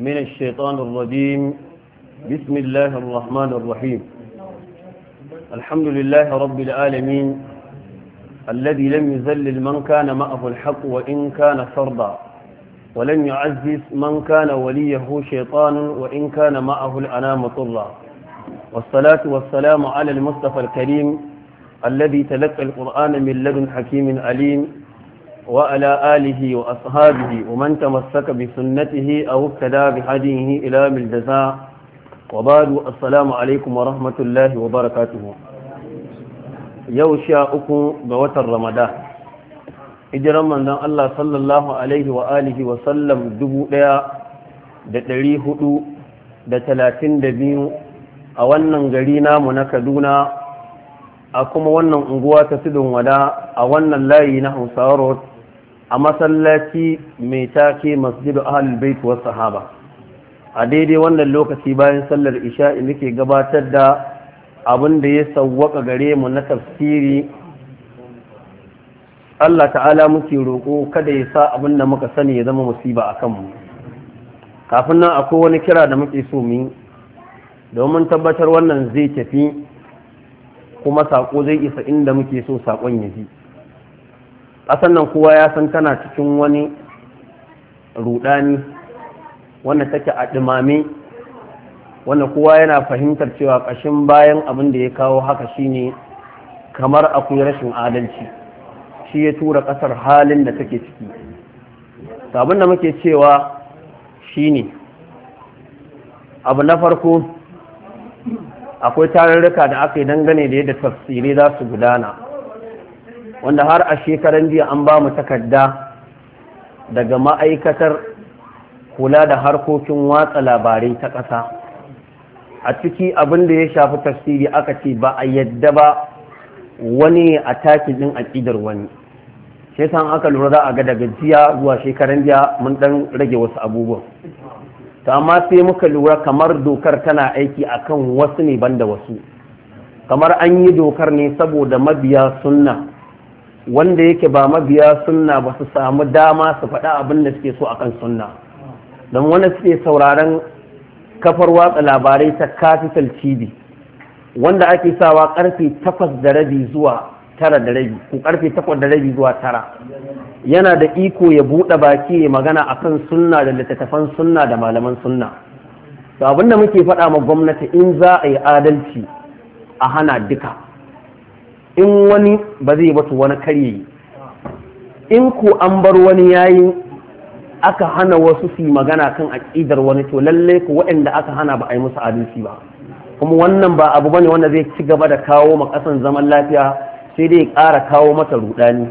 من الشيطان الرجيم بسم الله الرحمن الرحيم الحمد لله رب العالمين الذي لم يذلل من كان معه الحق وإن كان فرضا ولم يعزز من كان وليه شيطان وإن كان معه الأنام طلا والصلاة والسلام على المصطفى الكريم الذي تلقى القرآن من لدن حكيم عليم وعلى آله وأصحابه ومن تمسك بسنته أو ابتدى بهديه إلى بالجزاء وبعد السلام عليكم ورحمة الله وبركاته يوشا أكو بوت الرمضان hijiran manzon Allah sallallahu alaihi wa da wa da biyu a wannan gari namu na Kaduna a kuma wannan unguwa ta tudun wada a wannan layi na Hausawa a masallaci mai take masjidu ahlul bait wa sahaba a daidai wannan lokaci bayan sallar isha'i muke gabatar da abin da ya sawwaka gare mu na tafsiri Allah ta'ala muke roƙo kada ya sa abin da muka sani ya zama musiba a kanmu kafin nan akwai wani kira da muke so mu domin tabbatar wannan zai tafi kuma saƙo zai isa inda muke so saƙon ya ji ƙasan nan kowa ya san tana cikin wani rudani wanda take a ɗimame wanda kowa yana fahimtar cewa ƙashin bayan abin da ya kawo haka shine kamar akwai rashin adalci shi ya tura ƙasar halin da take ciki abin da muke cewa shine abu na farko akwai tarurruka da aka yi dangane da yadda tafsirai za su gudana wanda har a shekaran jiya an ba mu takarda daga ma'aikatar kula da harkokin watsa labarai ta ƙasa a ciki abin da ya shafi tafsiri aka ce ba a yadda ba wani a taki ɗin aƙidar wani sai san aka lura za a ga daga jiya zuwa shekaran jiya mun ɗan rage wasu abubuwan ta amma sai muka lura kamar dokar tana aiki akan wasu ne banda wasu kamar an yi dokar ne saboda mabiya sunna wanda yake ba mabiya sunna ba su samu dama su faɗa abin da suke so akan sunna don wanda suke sauraren kafar watsa labarai ta capital tv wanda ake sawa karfe takwas da rabi zuwa tara da rabi ko karfe takwas da rabi zuwa tara yana da iko ya buɗe baki ya magana akan sunna da littattafan sunna da malaman sunna to da muke faɗa ma gwamnati in za a yi adalci a hana duka in wani ba zai ba to wani karye in ku an bar wani yayi aka hana wasu su magana kan aƙidar wani to lalle ku waɗanda aka hana ba a yi musu adalci ba kuma wannan ba abu bane wanda zai ci gaba da kawo ma ƙasan zaman lafiya sai dai ƙara kawo mata rudani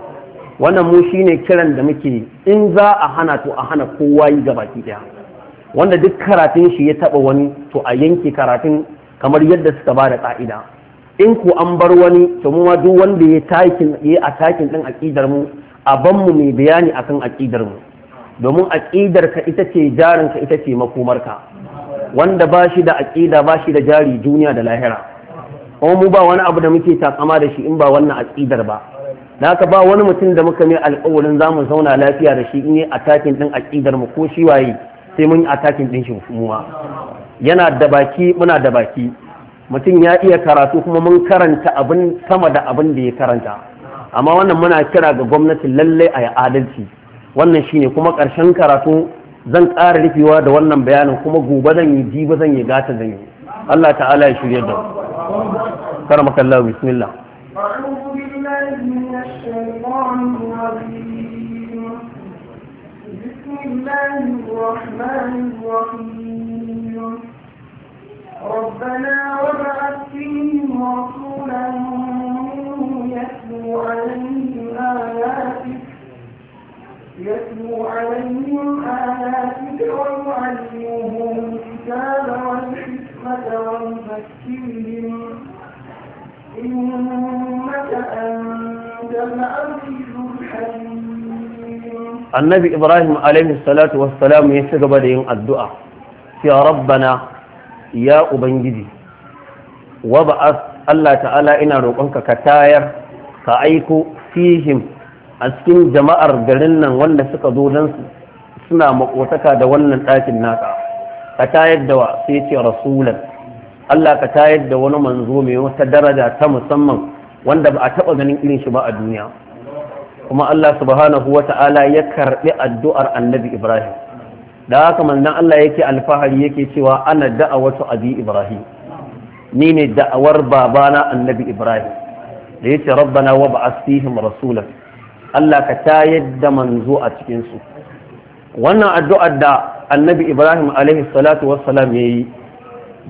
wannan mu shine kiran da muke in za a hana to a hana kowa yi gaba ki daya wanda duk karatun shi ya taba wani to a yanke karatun kamar yadda suka ba da ƙa'ida in ku an bar wani to mu ma duk wanda ya takin ya a takin din aqidar mu a ban mu mai bayani akan aqidar mu domin aqidar ka ita ce jarin ka ita ce makomar ka wanda ba shi da aqida ba shi da jari duniya da lahira kuma mu ba wani abu da muke takama da shi in ba wannan aqidar ba da haka ba wani mutum da muka mai alƙawarin za mu zauna lafiya da shi in yi takin ɗin aƙidar mu ko shi waye sai mun yi takin ɗin shi muwa yana da baki muna da baki mutum ya iya karatu kuma mun karanta abin sama da abin da ya karanta amma wannan muna kira ga gwamnati lalle a yi adalci wannan shine kuma ƙarshen karatu zan ƙara rufewa da wannan bayanin kuma gobe zan yi jiba zan yi gata zan yi Allah ta'ala ya shirya da karamaka Allah bismillah بسم الله الرحمن ربنا وابعث فيهم رسولا منهم يتلو عليهم آياتك يتلو عليهم آياتك ويعلمهم الكتاب والحكمة ويزكيهم إنك أنت العزيز الحكيم النبي إبراهيم عليه الصلاة والسلام ya ci الدعاء يا ربنا ya ubangiji wa Allah ta'ala ina roƙonka ka tayar ka aiko fihim a cikin jama'ar garin nan wanda suka zo don suna makotaka da wannan ɗakin naka ka tayar da wa sai ce rasulan Allah ka tayar da wani manzo mai wata daraja ta musamman wanda ba a taɓa ganin irin shi ba a duniya kuma Allah subhanahu wa ta'ala ya karɓi addu'ar annabi Ibrahim da haka manzon Allah yake alfahari yake cewa ana da'awatu abi ibrahim ni ne da'awar babana annabi ibrahim da yace rabbana wa ba'ath fihim rasulan Allah ka tayar da manzo a cikin su wannan addu'ar da annabi ibrahim alaihi salatu wassalam yayi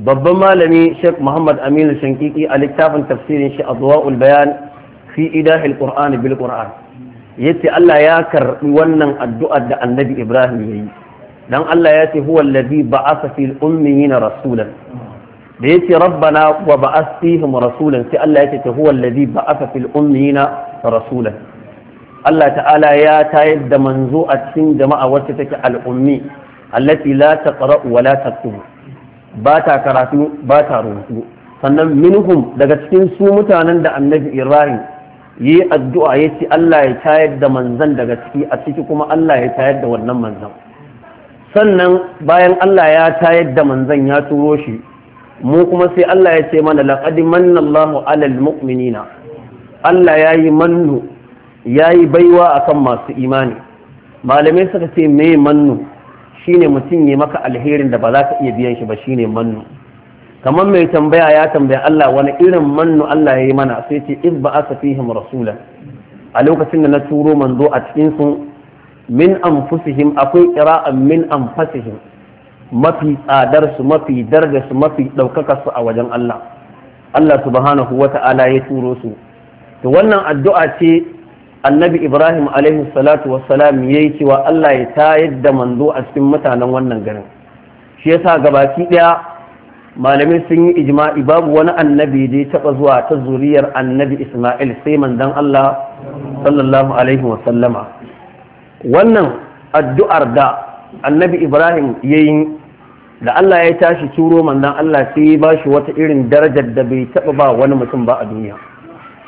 babban malami Sheikh Muhammad Aminu Shankiki a littafin tafsirin shi Adwa'ul Bayan fi idahil Qur'ani bil Qur'an yace Allah ya karbi wannan addu'ar da Annabi Ibrahim yayi dan Allah ya ce huwa allazi ba'atha fil ummiyina rasulan da yace rabbana wa ba'ath fihim rasulan sai Allah ya ce huwa allazi ba'atha fil ummiyina rasulan Allah ta'ala ya tayar da manzo a cikin jama'a wacce take al'ummi allati la taqra wa la taktubu ba ta karatu ba ta rubutu sannan minhum daga cikin su mutanen da annabi Ibrahim yi addu'a yace Allah ya tayar da manzan daga ciki a ciki kuma Allah ya tayar da wannan manzan. sannan bayan Allah ya tayar da manzan ya turo shi mu kuma sai Allah ya ce mana laqad manna alal mu'minina Allah yi mannu yi baiwa akan masu imani malamai suka ce me mannu shine mutum ya maka alherin da ba za ka iya biyan shi ba shine mannu kamar mai tambaya ya tambaya Allah wani irin mannu Allah ya yi mana sai ce iz ba aka fihim rasula a lokacin da na turo manzo a cikin su min anfusihim akwai qira'an min anfusihim mafi tsadar su mafi darda su mafi ɗaukaka su a wajen Allah Allah subhanahu wata'ala ya turo su to wannan addu'a ce annabi Ibrahim alaihi salatu ya yayi cewa Allah ya tayar da manzo a cikin mutanen wannan garin shi yasa gabaki ɗaya. malamai sun yi ijma'i babu wani annabi da ya taɓa zuwa ta zuriyar annabi isma'il sai manzon Allah sallallahu alaihi wa sallama wannan addu'ar da annabi ibrahim ya yi da allah ya tashi turo mandan allah sai ya ba shi wata irin darajar da bai taɓa ba wani mutum ba a duniya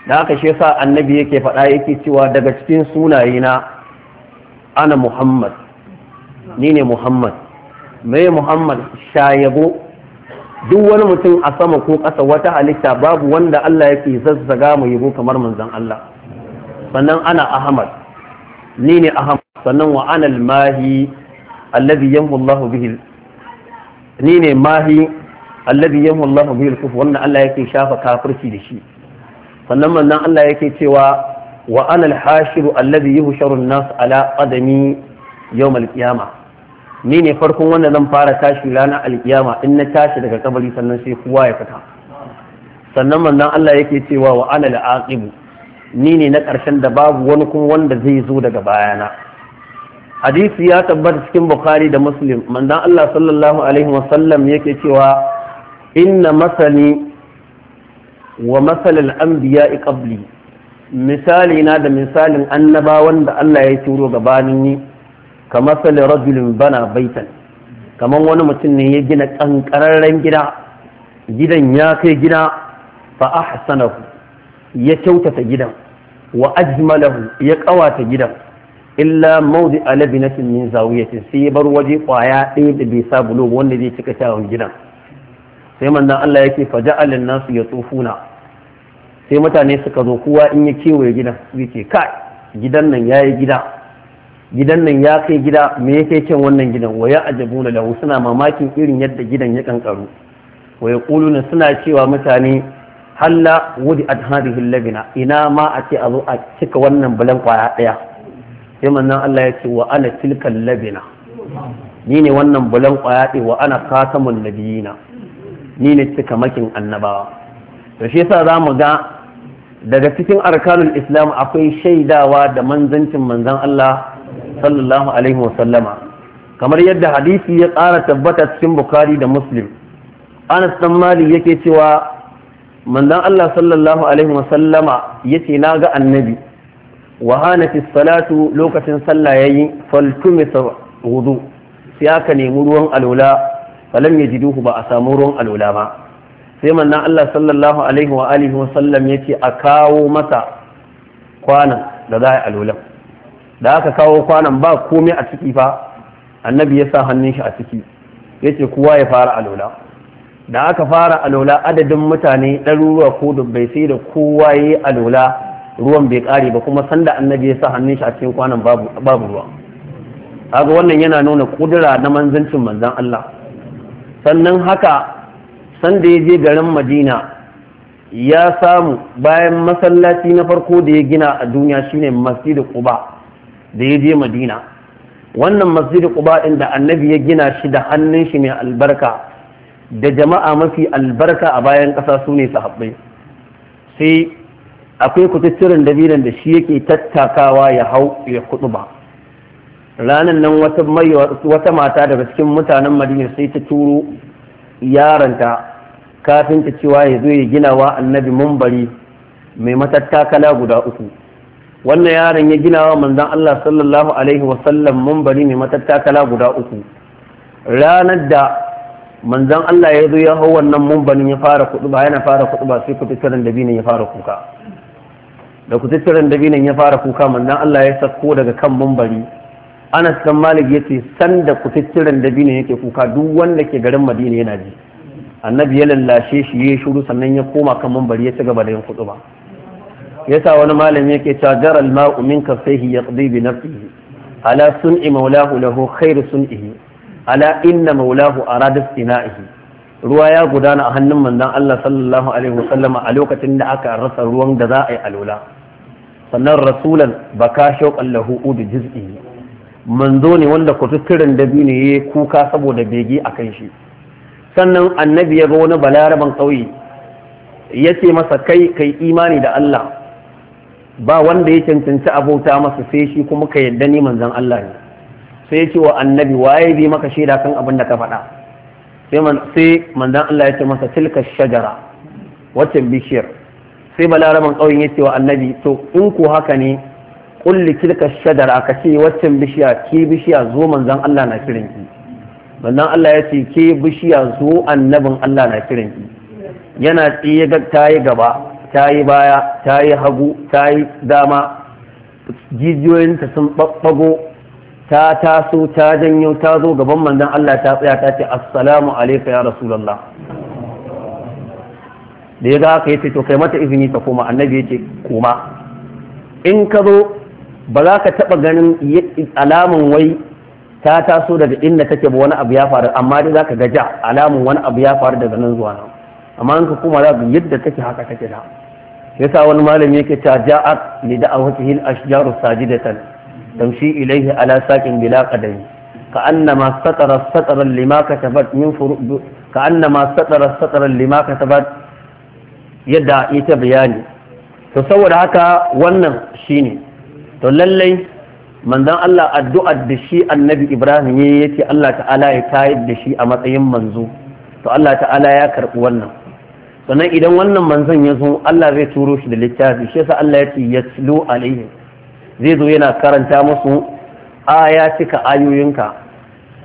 da haka shi sa annabi yake faɗa yake cewa daga cikin sunayena na ana muhammad ni ne muhammad mai muhammad shayabo duk wani mutum a sama ko ƙasa wata halitta babu wanda allah yake zazzaga mu yabo kamar manzan allah sannan ana ahmad ni ne aham sannan wa anal mahi allazi yamhu Allahu bihi ni ne mahi allazi yamhu Allahu bihi al-kufr wannan Allah yake shafa kafirci da shi sannan manzon Allah yake cewa wa anal hashiru allazi yuhsharu an-nas ala qadami yawm al-qiyamah ni ne farkon wanda zan fara tashi ranar alkiyama in na tashi daga kabari sannan sai kowa ya fita sannan manzon Allah yake cewa wa anal aqibu ni ne na ƙarshen da babu wani kuma wanda zai zo daga bayana hadisi ya tabbata cikin bukhari da muslim manzon Allah sallallahu alaihi wasallam yake cewa inna masali wa an biya iƙabli, misali na da misalin annabawan da Allah ya turo gabanin ni ka masalin rajulin bana baitan kamar wani mutum ne ya gina ƙanƙararren gida gidan ya kai gida fa ahsanahu ya kyautata gidan wa ajmalahu ya kawata gidan illa maudi alabinatin min zawiyatin sai bar waje kwaya ɗaya da bai sa bulo wanda zai cika kyawun gidan sai manzon Allah yake faja'alin nasu ya tsufuna sai mutane suka zo kowa in ya kewaye gidan zai ce kai gidan nan yayi gida gidan nan ya kai gida me yake kyan wannan gidan waya ajabuna lahu suna mamakin irin yadda gidan ya kankaru waya kuluna suna cewa mutane halla wudi at hadhihi labina ina ma a ce a zo a cika wannan bulan kwaya daya sai manzon Allah ya ce wa ana tilkal labina ni ne wannan bulan kwaya ɗaya wa ana katamun nabiyina ni ne cika makin annabawa to shi yasa za mu ga daga cikin arkanul islam akwai shaidawa da manzancin manzan Allah sallallahu alaihi wasallama kamar yadda hadisi ya ƙara tabbata cikin bukari da muslim anas dan mali yake cewa manzon Allah sallallahu alaihi wasallama yace na ga annabi wa hanati salatu lokacin sallah yayi faltumisa wudu sai aka nemi ruwan alula falam yajiduhu ba a samu ruwan alula ba sai manzon Allah sallallahu alaihi wa alihi wasallam yace a kawo masa kwanan da za a alulan da aka kawo kwanan ba komai a ciki fa annabi ya sa hannun shi a ciki yace kowa ya fara alula da aka fara alola adadin mutane ɗaruruwa ko dubbai sai da kowa ya yi alola ruwan bai ƙare ba kuma sanda annabi ya sa hannun shi a cikin kwanan babu ruwa kaga wannan yana nuna kudura na manzancin manzan Allah sannan haka sanda ya je garin Madina ya samu bayan masallaci na farko da ya gina a duniya shine masjid Quba da ya je Madina wannan masjid Quba inda annabi ya gina shi da hannun shi mai albarka da jama'a mafi albarka a bayan ƙasa su ne sahabbai sai akwai kututturen dabiran da shi yake tattakawa ya hau ya kudu ba ranar nan wata mata daga cikin mutanen madina sai ta turo yaranta kafin ta cewa ya zo ya gina wa annabi mumbari mai matattakala guda uku wannan yaron ya gina wa manzan Allah sallallahu alaihi wasallam mumbari mai matattakala guda uku ranar da manzan Allah ya zo ya hau wannan mumbanin ya fara kudu ba yana fara kudu ba sai kututturen dabinin ya fara kuka da kututturen dabinin ya fara kuka manzan Allah ya sako daga kan mumbari Anas dan Malik ce san da kututturen dabinin yake kuka duk wanda ke garin Madina yana ji annabi ya lallashe shi ya shuru sannan ya koma kan mumbari ya ci gaba da yin kudu ba yasa wani malami yake cewa jaral ma'u min kafaihi yaqdi bi nafsihi ala sun'i maulahu lahu khairu sun'ihi ala inna maulahu arada sina'ihi ruwa ya gudana a hannun manzon Allah sallallahu alaihi wasallama a lokacin da aka rasa ruwan da za a yi alula sannan rasulan baka shauqan lahu udu juz'i manzo ne wanda da da ne yayi kuka saboda bege kan shi sannan annabi ya ga wani balaraban ƙauye. ya ce masa kai kai imani da Allah ba wanda ya cancanci abota masa sai shi kuma ka yadda ni manzon Allah ne sai ya ce wa annabi waye bi maka shaida kan abin da ka faɗa sai manzan Allah ya ce masa tilka shajara wacce bishiyar sai balaraman ƙauyen ya ce wa annabi to in ko haka ne kulli tilka shajara ka ce waccan bishiya ke bishiya zo manzan Allah na kiran ki manzan Allah ya ce ke bishiya zo annabin Allah na kiran ki yana tsaye ga tayi gaba tayi baya tayi hagu tayi dama jijiyoyinta sun ɓaɓɓago ta taso ta janyo ta zo gaban manzon Allah ta tsaya ta ce assalamu alayka ya rasulullah da ya ga haka yace to kai mata izini ta koma annabi yace koma in ka zo ba za ka taba ganin alamun wai ta taso daga inda take ba wani abu ya faru amma dai za ka ga ja alamun wani abu ya faru daga nan zuwa nan amma in ka koma za ka yadda take haka take da yasa wani malami yake ta ja'a li da'awatihil ashjaru sajidatan tamshi ilaihi ala sakin bila qadami ka annama satara lima ka annama satara ita bayani to saboda haka wannan shine to lallai manzon Allah addu'ar da shi annabi Ibrahim yayi yace Allah ta'ala ya da shi a matsayin manzo to Allah ta'ala ya karɓi wannan sannan idan wannan manzon ya zo Allah zai turo shi da littafi shi yasa Allah ya ce yaslu alaihim zai zo yana karanta musu aya cika ayoyinka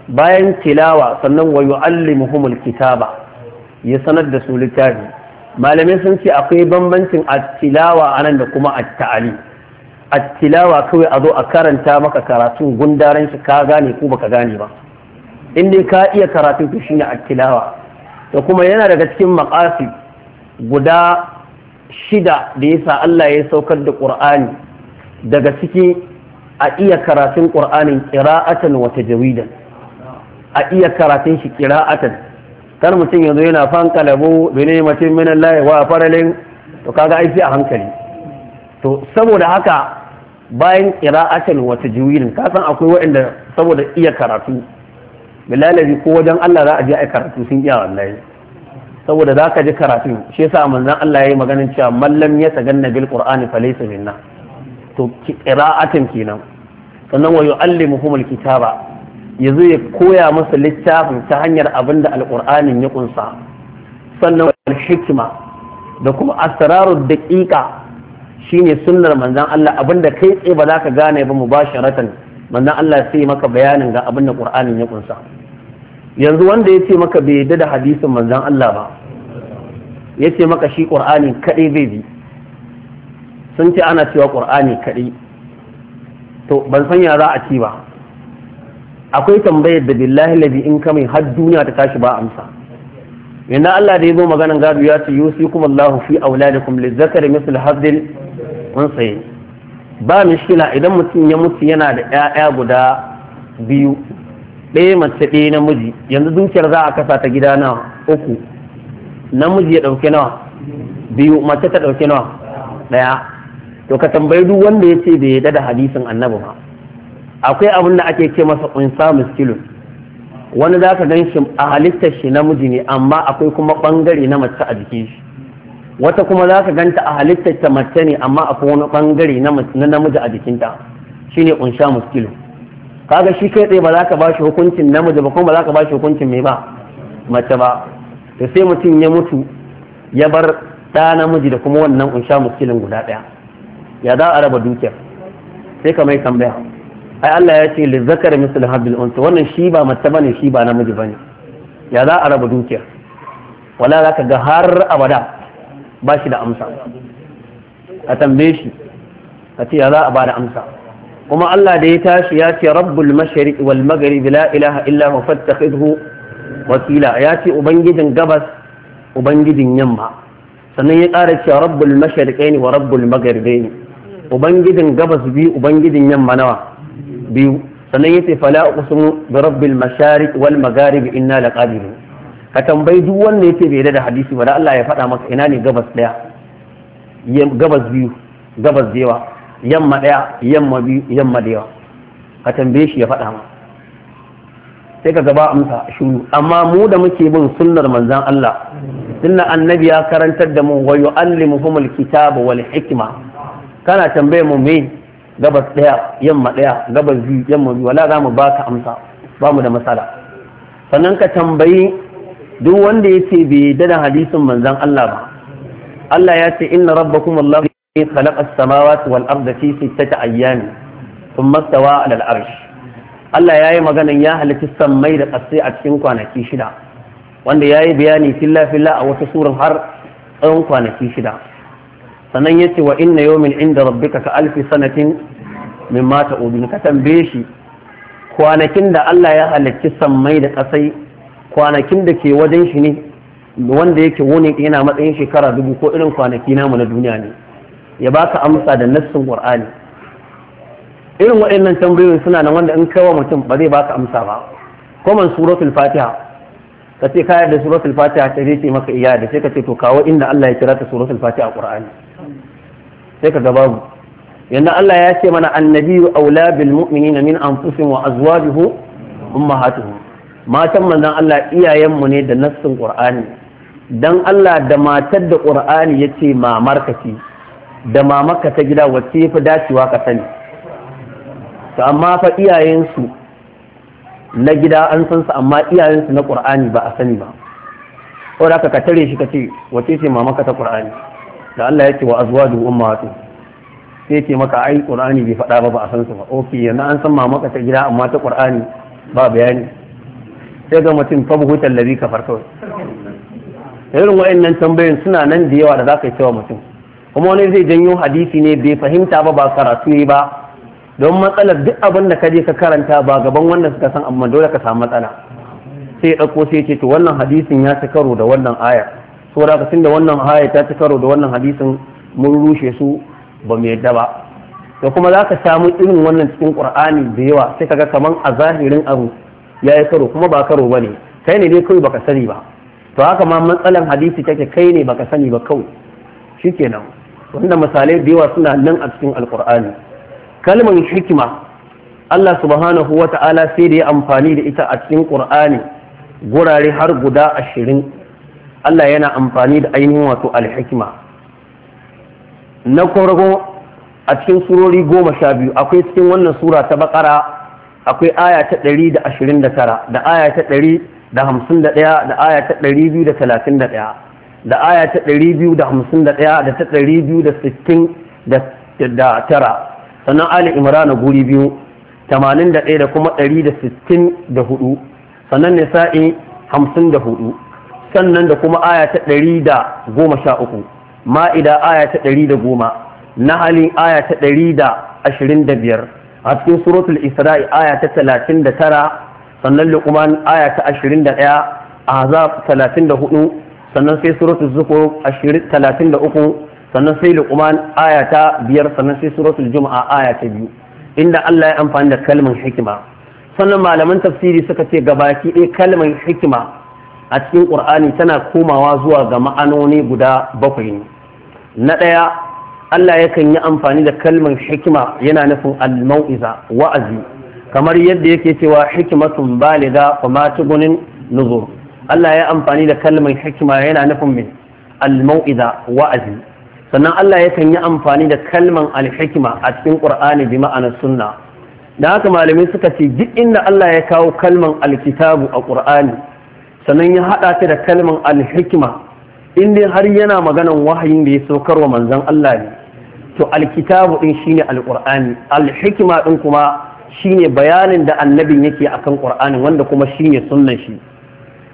bayan tilawa sannan wa yu'allimuhumul kitaba ya sanar da su littafi malamai sun ce akwai bambancin at-tilawa anan da kuma at-ta'ali tilawa kawai a zo a karanta maka karatun gundaren shi ka gane ko baka gane ba in dai ka iya karatun to shine at-tilawa da kuma yana daga cikin maqasid guda shida da yasa Allah ya saukar da Qur'ani daga ciki a iya karatun ƙur'anin ƙira'atan wa tajwidan a iya karatun shi ƙira'atan kar mutum yanzu yana fan kalabu bene mutum min Allah wa faralin to kaga aiki a hankali to saboda haka bayan ƙira'atan wa tajwidin ka san akwai waɗanda saboda iya karatu bilalabi ko wajen Allah za a je ai karatu sun iya wallahi saboda za ka ji karatun shi yasa manzon Allah ya yi maganin cewa mallam ya taganna bil qur'ani falaysa minna to qira'atan kenan sannan wa yu'allimuhum alkitaba yazo ya koya masa littafin ta hanyar abinda alqur'anin ya kunsa sannan hikima da kuma asrarud daqiqa shine sunnar manzon Allah abinda kai tsaye ba za ka gane ba mubasharatan manzon Allah sai maka bayanin ga abinda qur'anin ya kunsa yanzu wanda ya ce maka bai yadda da hadisin manzon Allah ba ya ce maka shi qur'ani kadai zai bi sun ce ana cewa ƙur'ani kaɗai to ban san ya za a ci ba akwai tambayar da billahi lafi in kamai har duniya ta tashi ba amsa yanda Allah da ya zo maganan gado ya ce yusi kuma Allah fi auladikum lizakari misal hadil saye. ba mishkila idan mutum ya mutu yana da 'ya'ya guda biyu ɗaya mace ɗaya namiji yanzu dukiyar za a kasa ta gida na uku namiji ya ɗauke nawa biyu mace ta ɗauke nawa ɗaya to ka tambayi duk wanda ya ce bai yadda da hadisin annabi ba akwai abin da ake ce masa unsa muskilun wani za ka gan shi a halittar shi namiji ne amma akwai kuma bangare na mace a jikin shi wata kuma za ka ganta a halittar ta mace ne amma akwai wani bangare na namiji a jikinta shine unsa muskilun kaga shi kai tsaye ba za ka ba shi hukuncin namiji ba kuma ba za ka ba shi hukuncin mai ba mace ba to sai mutum ya mutu ya bar ɗa namiji da kuma wannan unsha muskilin guda ɗaya ya za a raba dukiyar sai ka mai tambaya ai Allah ya ce li zakar misl habil unsa wannan shi ba mace bane shi ba namiji bane ya za a raba dukiyar wala zaka ga har abada ba shi da amsa a tambaye shi a ce ya za a ba da amsa kuma Allah da ya tashi ya ce rabbul mashariq wal maghrib la ilaha illa huwa fattakhidhu wakila ya ce ubangijin gabas ubangijin yamma sannan ya ƙara cewa rabbul mashariqaini wa rabbul maghribaini ubangijin gabas biyu ubangijin yamma nawa biyu sannan yace fala uqsimu bi rabbil mashariq wal magharib inna laqadirun ka tambayi duk wanda yace bai da hadisi ba da Allah ya faɗa maka ina ne gabas daya gabas biyu gabas da yawa yamma daya yamma biyu yamma da yawa ka tambaye shi ya faɗa ma sai ka gaba amsa shuru amma mu da muke bin sunnar manzon Allah sunna annabi ya karantar da mu wa yu'allimuhumul kitaba wal hikma kana tambaye mu me gabas daya yamma daya gabas biyu yamma biyu wala za mu baka amsa ba mu da matsala sannan ka tambayi duk wanda ya ce bai dada hadisin manzan Allah ba Allah ya ce inna rabbakum Allah ne khalaqa as-samawati wal arda fi sittati ayyam thumma stawa 'ala al-arsh Allah yi maganan ya halitta sammai da ƙasai a cikin kwanaki shida wanda ya yi bayani filla filla a wata surar har tsawon kwanaki shida sannan ya ce wa inna yawmin inda rabbika ka alfi sanatin min mata ubin. ka tambaye shi kwanakin da Allah ya halicci sammai da ƙasai, kwanakin da ke wajen shi ne wanda yake wuni yana matsayin shekara dubu ko irin kwanaki namu na duniya ne ya baka amsa da nassin qur'ani irin waɗannan tambayoyin suna nan wanda in wa mutum ba zai baka amsa ba kuma suratul fatiha ka ce kayar da suratul fatiha ta zai ce maka iya da sai ka ce to kawo inda Allah ya kira ta suratul fatiha a qur'ani sai ka babu yanzu Allah ya ce mana annabiyu aula bil mu'minina min anfusihim wa azwajihu ummahatuhum matan manzon Allah iyayenmu ne da nassin Qur'ani dan Allah da matar da Qur'ani yace mamarka ce da mamarka ta gida wacce fi dacewa ka sani to amma fa iyayensu na gida an san su amma iyayensu na Qur'ani ba a sani ba Ko da ka tare shi kace wacce ce mamarka ta Qur'ani da Allah yake wa azwaju ummatu sai yake maka ai qur'ani bai faɗa ba ba a san su ba okay yana an san mamaka ta gida amma ta qur'ani ba bayani sai ga mutum fa buhutan ladhi kafar kawai irin wa'annan tambayoyin suna nan da yawa da za ka yi cewa mutum kuma wani zai janyo hadisi ne bai fahimta ba ba karatu ne ba don matsalar duk abin da ka je ka karanta ba gaban wanda suka san amma dole ka samu matsala sai ya ɗauko sai ce to wannan hadisin ya ci karo da wannan ayar saboda haka da wannan haya ta ci karo da wannan hadisin mun rushe su ba mu yadda ba da kuma za ka samu irin wannan cikin qur'ani da yawa sai kaga kaman a zahirin abu ya yi karo kuma ba karo ba ne kai ne dai kawai baka sani ba to haka ma matsalan hadisi take kai ne baka sani ba kawai shikenan wanda misalai da yawa suna nan a cikin alqur'ani kalmar hikima Allah subhanahu wa ta'ala sai da ya amfani da ita a cikin qur'ani gurare har guda ashirin Allah yana amfani da ainihin wato alhikima na farko a cikin surori goma sha biyu akwai cikin wannan sura ta bakara akwai aya ta ɗari da ashirin da tara da aya ta ɗari da hamsin da ɗaya da aya ta ɗari biyu da talatin da ɗaya da aya ta ɗari biyu da hamsin da ɗaya da ta ɗari biyu da sittin da tara sannan ali na guri biyu tamanin da ɗaya da kuma ɗari da sittin da hudu sannan nisa'i hamsin da hudu sannan da kuma aya ta ɗari da goma sha uku ma'ida aya ta ɗari da goma nahali aya ta ɗari da ashirin da biyar a cikin suratul isra'i aya ta talatin da tara sannan luqman aya ta ashirin da ɗaya ahzab talatin da hudu sannan sai suratul zukur talatin da uku sannan sai luqman aya ta biyar sannan sai suratul juma'a aya ta biyu inda Allah ya amfani da kalmar hikima sannan malaman tafsiri suka ce gabaki ɗaya kalmar hikima a cikin ƙur'ani tana komawa zuwa ga ma'anoni guda bakwai ne na ɗaya Allah yakan yi amfani da kalmar hikima yana nufin al-mau'iza wa'azi kamar yadda yake cewa hikimatun baliga fa ma tugunin nuzur Allah ya amfani da kalmar hikima yana nufin min al-mau'iza wa'azi sannan Allah yakan yi amfani da kalmar al-hikima a cikin ƙur'ani bi ma'anar sunna da haka malamai suka ce duk inda Allah ya kawo kalmar al-kitabu a ƙur'ani sannan ya haɗa ta da kalman alhikima in har yana maganan wahayin da ya saukar wa manzon Allah ne to alkitabu din shine alqur'ani alhikima din kuma shine bayanin da annabin yake akan qur'anin wanda kuma shine sunnan shi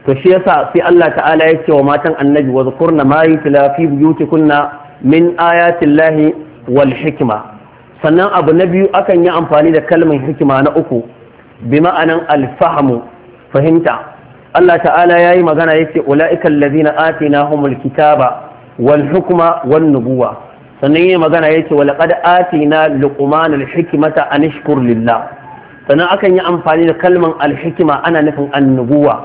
to shi yasa sai Allah ta'ala ya ce wa matan annabi wa zkurna ma yutla fi buyutikunna min ayati llahi wal hikma sannan abu na biyu akan yi amfani da kalmar hikima na uku bi ma'anan alfahamu fahimta Allah ta'ala ya yi magana ya ce ula'ikan lazina na humul kitaba wal hukuma wan nubuwa sannan yi magana ya ce walaƙad atina luqman alhikimata an ishkur lillah sannan akan yi amfani da kalman alhikima ana nufin annubuwa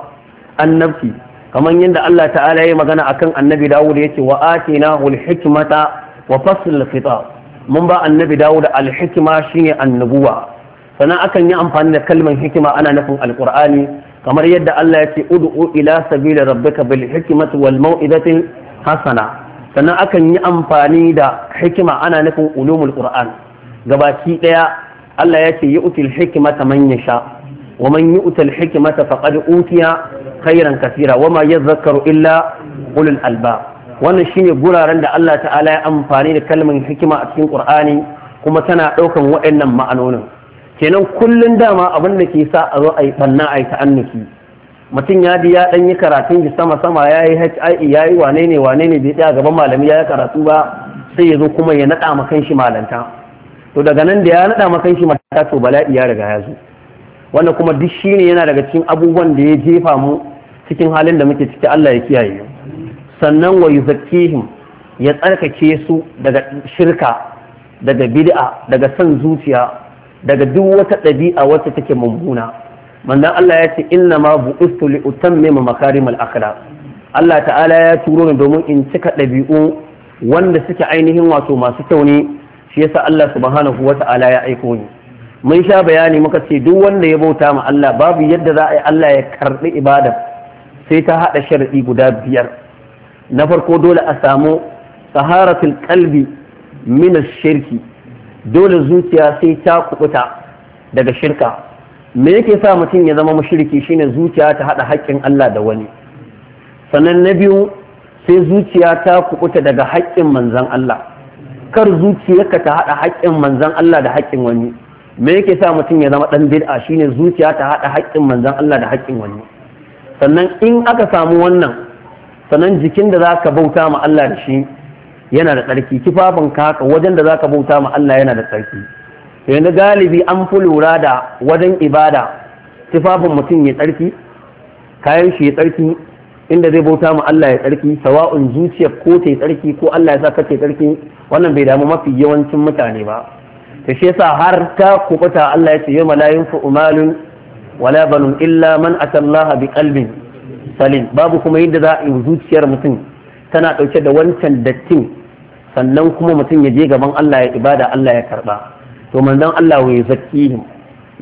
annabci kamar yadda Allah ta'ala ya yi magana akan annabi Dawud ya ce wa na alhikimata wa fasl fita mun ba annabi Dawud alhikima shine annubuwa sannan akan yi amfani da kalman hikima ana nufin alqur'ani kamar yadda Allah ya ce ud'u ila rabbi rabbika bil hikmati wal mau'izati hasana sannan akan yi amfani da hikima ana nufin ulumul qur'an gabaki daya Allah ya ce yu'til hikmata man yasha wa man yu'tal hikmata faqad utiya khairan kathira wa ma yadhakkaru illa ulul albab wannan shine guraren da Allah ta'ala ya amfani da kalmar hikima a cikin qur'ani kuma tana daukan waɗannan ma'anonin kenan kullum dama abin da ke sa a zo a yi ɓanna a yi ta'annuki mutum ya ji ya ɗan yi karatun ji sama sama ya yi hie ya yi wane ne wane ne bai tsaya gaban malami ya yi karatu ba sai ya zo kuma ya naɗa ma kanshi malanta to daga nan da ya naɗa ma kanshi malanta to bala'i ya riga ya zo wannan kuma duk shi ne yana daga cikin abubuwan da ya jefa mu cikin halin da muke ciki Allah ya kiyaye sannan wa yuzakkihim ya tsarkake su daga shirka daga bid'a daga son zuciya daga duk wata ɗabi'a wacce take mummuna manzon Allah ya ce inna ma bu'istu li utammima makarimal akhlaq Allah ta'ala ya turo ni domin in cika ɗabi'u wanda suke ainihin wato masu kyau ne shi yasa Allah subhanahu wata'ala ya aiko ni mun sha bayani muka ce duk wanda ya bauta ma Allah babu yadda za a yi Allah ya karɓi ibada sai ta haɗa sharaɗi guda biyar na farko dole a samu saharatul qalbi min shirki dole zuciya sai ta kubuta daga shirka me yake sa mutum ya zama mushriki shine zuciya ta hada haƙƙin Allah da wani sannan na biyu sai zuciya ta kubuta daga haƙƙin manzon Allah kar zuciyarka ta hada haƙƙin manzon Allah da haƙƙin wani me yake sa mutum ya zama dan bid'a shine zuciya ta hada haƙƙin manzon Allah da haƙƙin wani sannan in aka samu wannan sannan jikin da zaka bauta ma Allah da shi yana da tsarki kifafin kaka wajen da zaka bauta ma Allah yana da tsarki yanzu galibi an fi lura da wajen ibada tufafin mutum ya tsarki kayan shi ya tsarki inda zai bauta ma Allah ya tsarki sawa'un zuciya ko ta tsarki ko Allah ya sa kace tsarki wannan bai damu mafi yawancin mutane ba ta shi yasa har ta kubuta Allah ya ce yau malayin fu'umalun wala banun illa man atallaha bi qalbin salim babu kuma yadda za a yi zuciyar mutum tana ɗauke da wancan dattin sannan kuma mutum ya je gaban Allah ya ibada Allah ya karɓa to manzon Allah wa yuzakkihim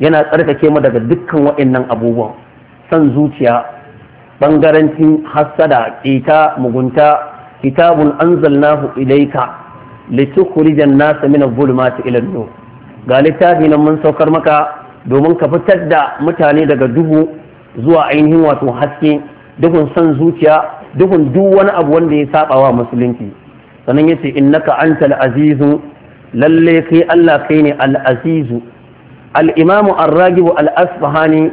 yana tsarkake mu daga dukkan waɗannan abubuwan san zuciya bangarancin hassada ƙita mugunta kitabun anzalnahu ilayka litukhrijan nasa min adh-dhulumati ila an-nur ga littafi nan mun saukar maka domin ka fitar da mutane daga dubu zuwa ainihin wato haske duhun son zuciya duhun duk wani abu wanda ya saba wa musulunci sannan yace innaka antal azizu lalle kai Allah kai ne al azizu al imamu ar-ragib al asfahani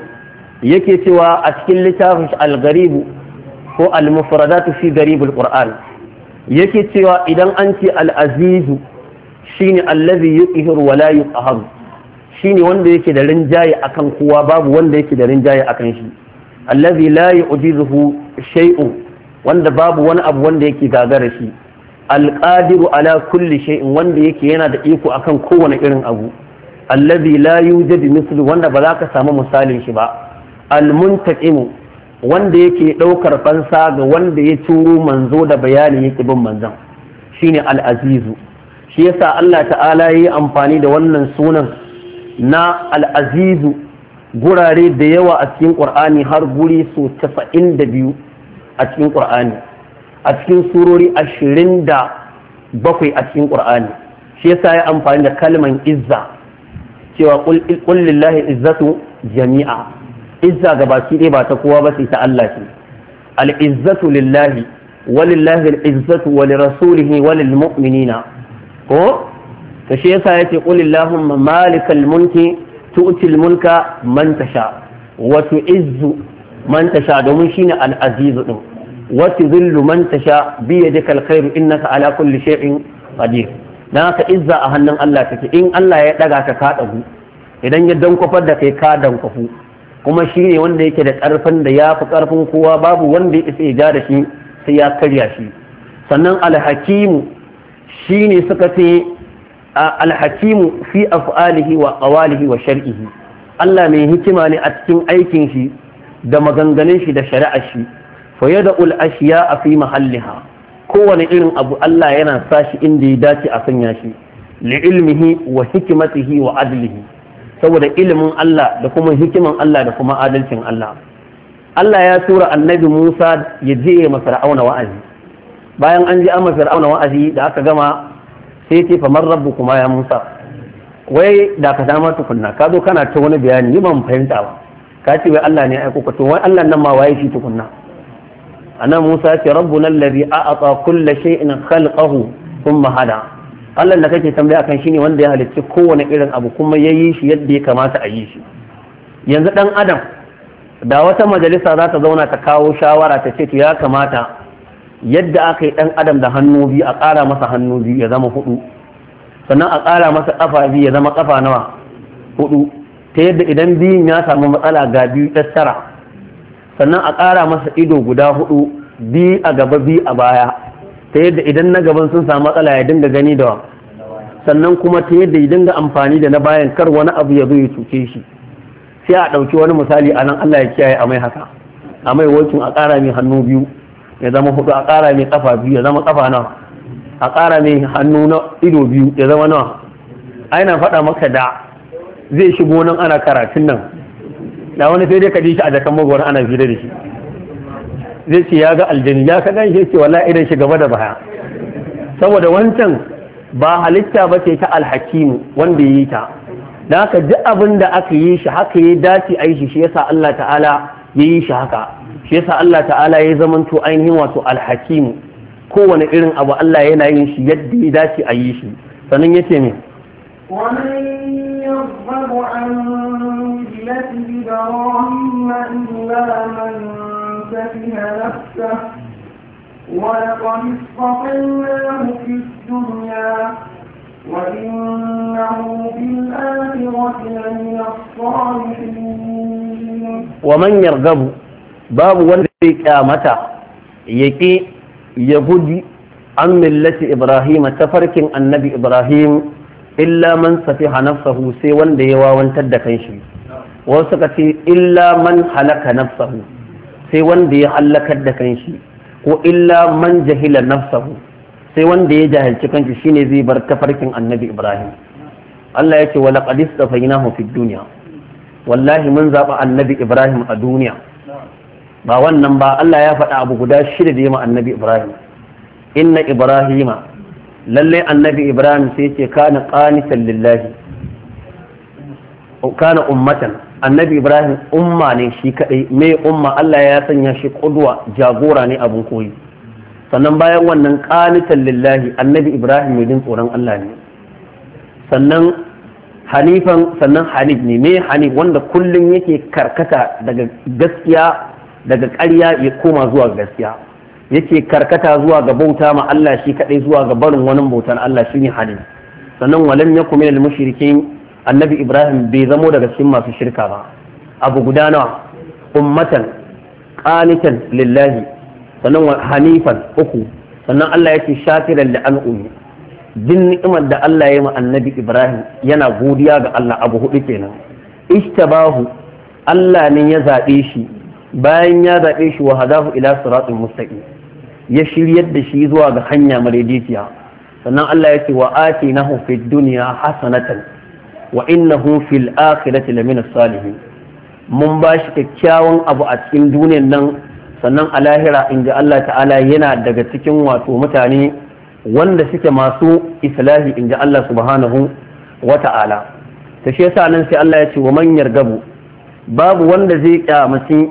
yake cewa a cikin littafin al garibu ko al mufradatu fi garibul qur'an yake cewa idan an ce al azizu shine allazi yuqhir wa la yuqhar shine wanda yake da rinjaye akan kowa babu wanda yake da rinjaye akan shi allazi la yu'jizuhu shay'un wanda babu wani abu wanda yake gagara shi Alƙadiru ala kulli shay'in wanda yake yana da iko akan kowane irin abu allazi la yujadu mislu wanda ba za ka samu misalin shi ba almuntaqimu wanda yake ɗaukar fansa ga wanda ya turo manzo da bayani yake bin manzon shine al-azizu shi yasa Allah ta'ala yi amfani da wannan sunan na al gurare da yawa a cikin Qur'ani har guri so 92 a cikin ƙur'ani a cikin surori ashirin da bakwai a cikin ƙur'ani shi yasa ya amfani da kalman izza cewa kullillahi izzatu jami'a izza ga baki ɗaya ba ta kowa ba sai ta Allah ce al-izzatu lillahi walillahi al-izzatu wa rasulihi wa lilmu'minina ko to shi yasa yace qul malikal mulki tu'ti mulka man tasha wa tu'izzu man tasha domin shine al-azizu din wa tuzillu man tasha bi yadika al-khairu innaka ala kulli shay'in qadir dan haka izza a hannun Allah take in Allah ya ɗaga ka ka dagu idan ya dankwafar da kai ka dankwafu kuma shi ne wanda yake da karfin da ya fi karfin kowa babu wanda ya isa ya da shi sai ya karya shi sannan al-hakimu ne suka ce al-hakimu fi af'alihi wa qawalihi wa shar'ihi Allah mai hikima ne a cikin aikin shi da maganganun shi da shari'ar shi fa da al-ashiya a fi mahalliha kowane irin abu Allah yana sa shi inda ya dace a sanya shi li ilmihi wa hikmatihi wa adlihi saboda ilimin Allah da kuma hikiman Allah da kuma adalcin Allah Allah ya tura annabi Musa ya je ma Fir'auna wa'azi bayan an je an Fir'auna wa'azi da aka gama sai ce fa man rabbukuma ya Musa wai da ka dama tukunna ka zo kana ta wani bayani yi ban fahimta ba ka ce wai Allah ne a aiko ka to wai Allah nan ma waye shi tukunna anan Musa ya ce rabbuna allazi a'ata kulli shay'in khalqahu thumma hada Allah da kake tambaya akan shine wanda ya halicci kowane irin abu kuma yayi shi yadda ya kamata a yi shi yanzu dan adam da wata majalisa za ta zauna ta kawo shawara ta ce to ya kamata yadda aka yi dan adam da hannu biyu a ƙara masa hannu biyu ya zama hudu sannan a ƙara masa ƙafa biyu ya zama ƙafa nawa hudu ta yadda idan biyun ya samu matsala ga biyu tattara sannan a ƙara masa ido guda hudu biyu a gaba biyu a baya ta yadda idan na gaban sun samu matsala ya dinga gani da sannan kuma ta yadda ya dinga amfani da na bayan kar wani abu ya zo ya cuce shi sai a ɗauki wani misali a nan Allah ya kiyaye a mai haka a mai wakin a ƙara mai hannu biyu ya zama hudu a ƙara mai ƙafa biyu ya zama ƙafa nawa a ƙara mai hannu na ido biyu ya zama nawa ai na faɗa maka da zai shigo nan ana karatun nan da wani sai dai ka ji shi a jakan magwar ana fira da shi zai ce ya ga aljini ya ka gan shi ce wala idan shi gaba da baya saboda wancan ba halitta ba ce ta alhakim wanda yi ta da haka duk abin da aka yi shi haka ya dace a yi shi shi yasa Allah ta'ala ya yi shi haka shi yasa Allah ta'ala ya zama zamanto ainihin wato alhakim kowane irin abu Allah yana yin shi yadda ya dace a yi shi sannan ya ce ne يصدر عن ملة إبراهيم إلا من سفه نفسه ولقد اصطفيناه في الدنيا وإنه في الآخرة لمن الصالحين ومن يرغب باب ولد قيامته يكي يهودي عن ملة إبراهيم تفرك النبي إبراهيم illa man safiha nafsahu sai wanda ya wawantar da kanshi wasu suka ce illa man halaka nafsahu sai wanda ya hallakar da kanshi ko illa man jahila nafsahu sai wanda ya jahilci kanshi shine zai bar tafarkin annabi ibrahim Allah ya ce wa laqad istafaynahu fid dunya wallahi mun zaba annabi ibrahim a duniya ba wannan ba Allah ya faɗa abu guda shida da yima annabi ibrahim inna ibrahima Lallai annabi ibrahim sai ce kana qanitan lillahi kana ummatan annabi ibrahim umma ne shi kadai me umma Allah ya sanya shi kudwa jagora ne abun koyi sannan bayan wannan qanitan lillahi annabi ibrahim mai din tsoron Allah ne sannan hanifan sannan hanif ne me hanif wanda kullum yake karkata daga gaskiya daga ƙarya ya koma zuwa gaskiya yake karkata zuwa ga bauta ma Allah shi kadai zuwa ga barin wani bautan Allah shine halin sannan walam yakum minal mushrikin annabi Ibrahim bai zamo daga cikin masu shirka ba abu guda nawa ummatan qanitan lillahi sannan hanifan uku sannan Allah yake shakiran li an'umi din ni'imar da Allah ya yi ma annabi Ibrahim yana godiya ga Allah abu hudu kenan ishtabahu Allah ne ya zaɓe shi bayan ya zaɓe shi wa hadahu ila siratin mustaqim ya shiryar da shi zuwa ga hanya madaidaiciya sannan Allah ya ce wa atinahu duniya dunya hasanatan wa innahu fil akhirati lamina salihi mun ba shi kyakkyawan abu a cikin duniyar nan sannan a lahira inda Allah ta'ala yana daga cikin wato mutane wanda suke masu islahi inda Allah subhanahu wa ta'ala ta shi yasa nan sai Allah ya ce wa manyar gabu babu wanda zai kyamaci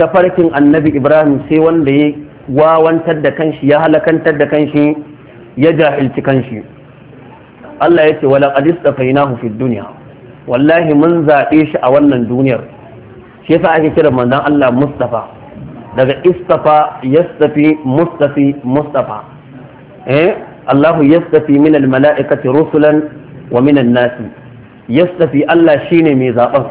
farkin annabi Ibrahim sai wanda ya wawantar da kanshi ya halakantar da kanshi ya jahilci kanshi Allah ya ce wala qadis tafainahu fid dunya wallahi mun zabe shi a wannan duniyar shi yasa ake kira manzon Allah Mustafa daga istafa yastafi mustafi mustafa eh Allah yastafi min al mala'ikati rusulan wa min an nas yastafi Allah shine mai zaben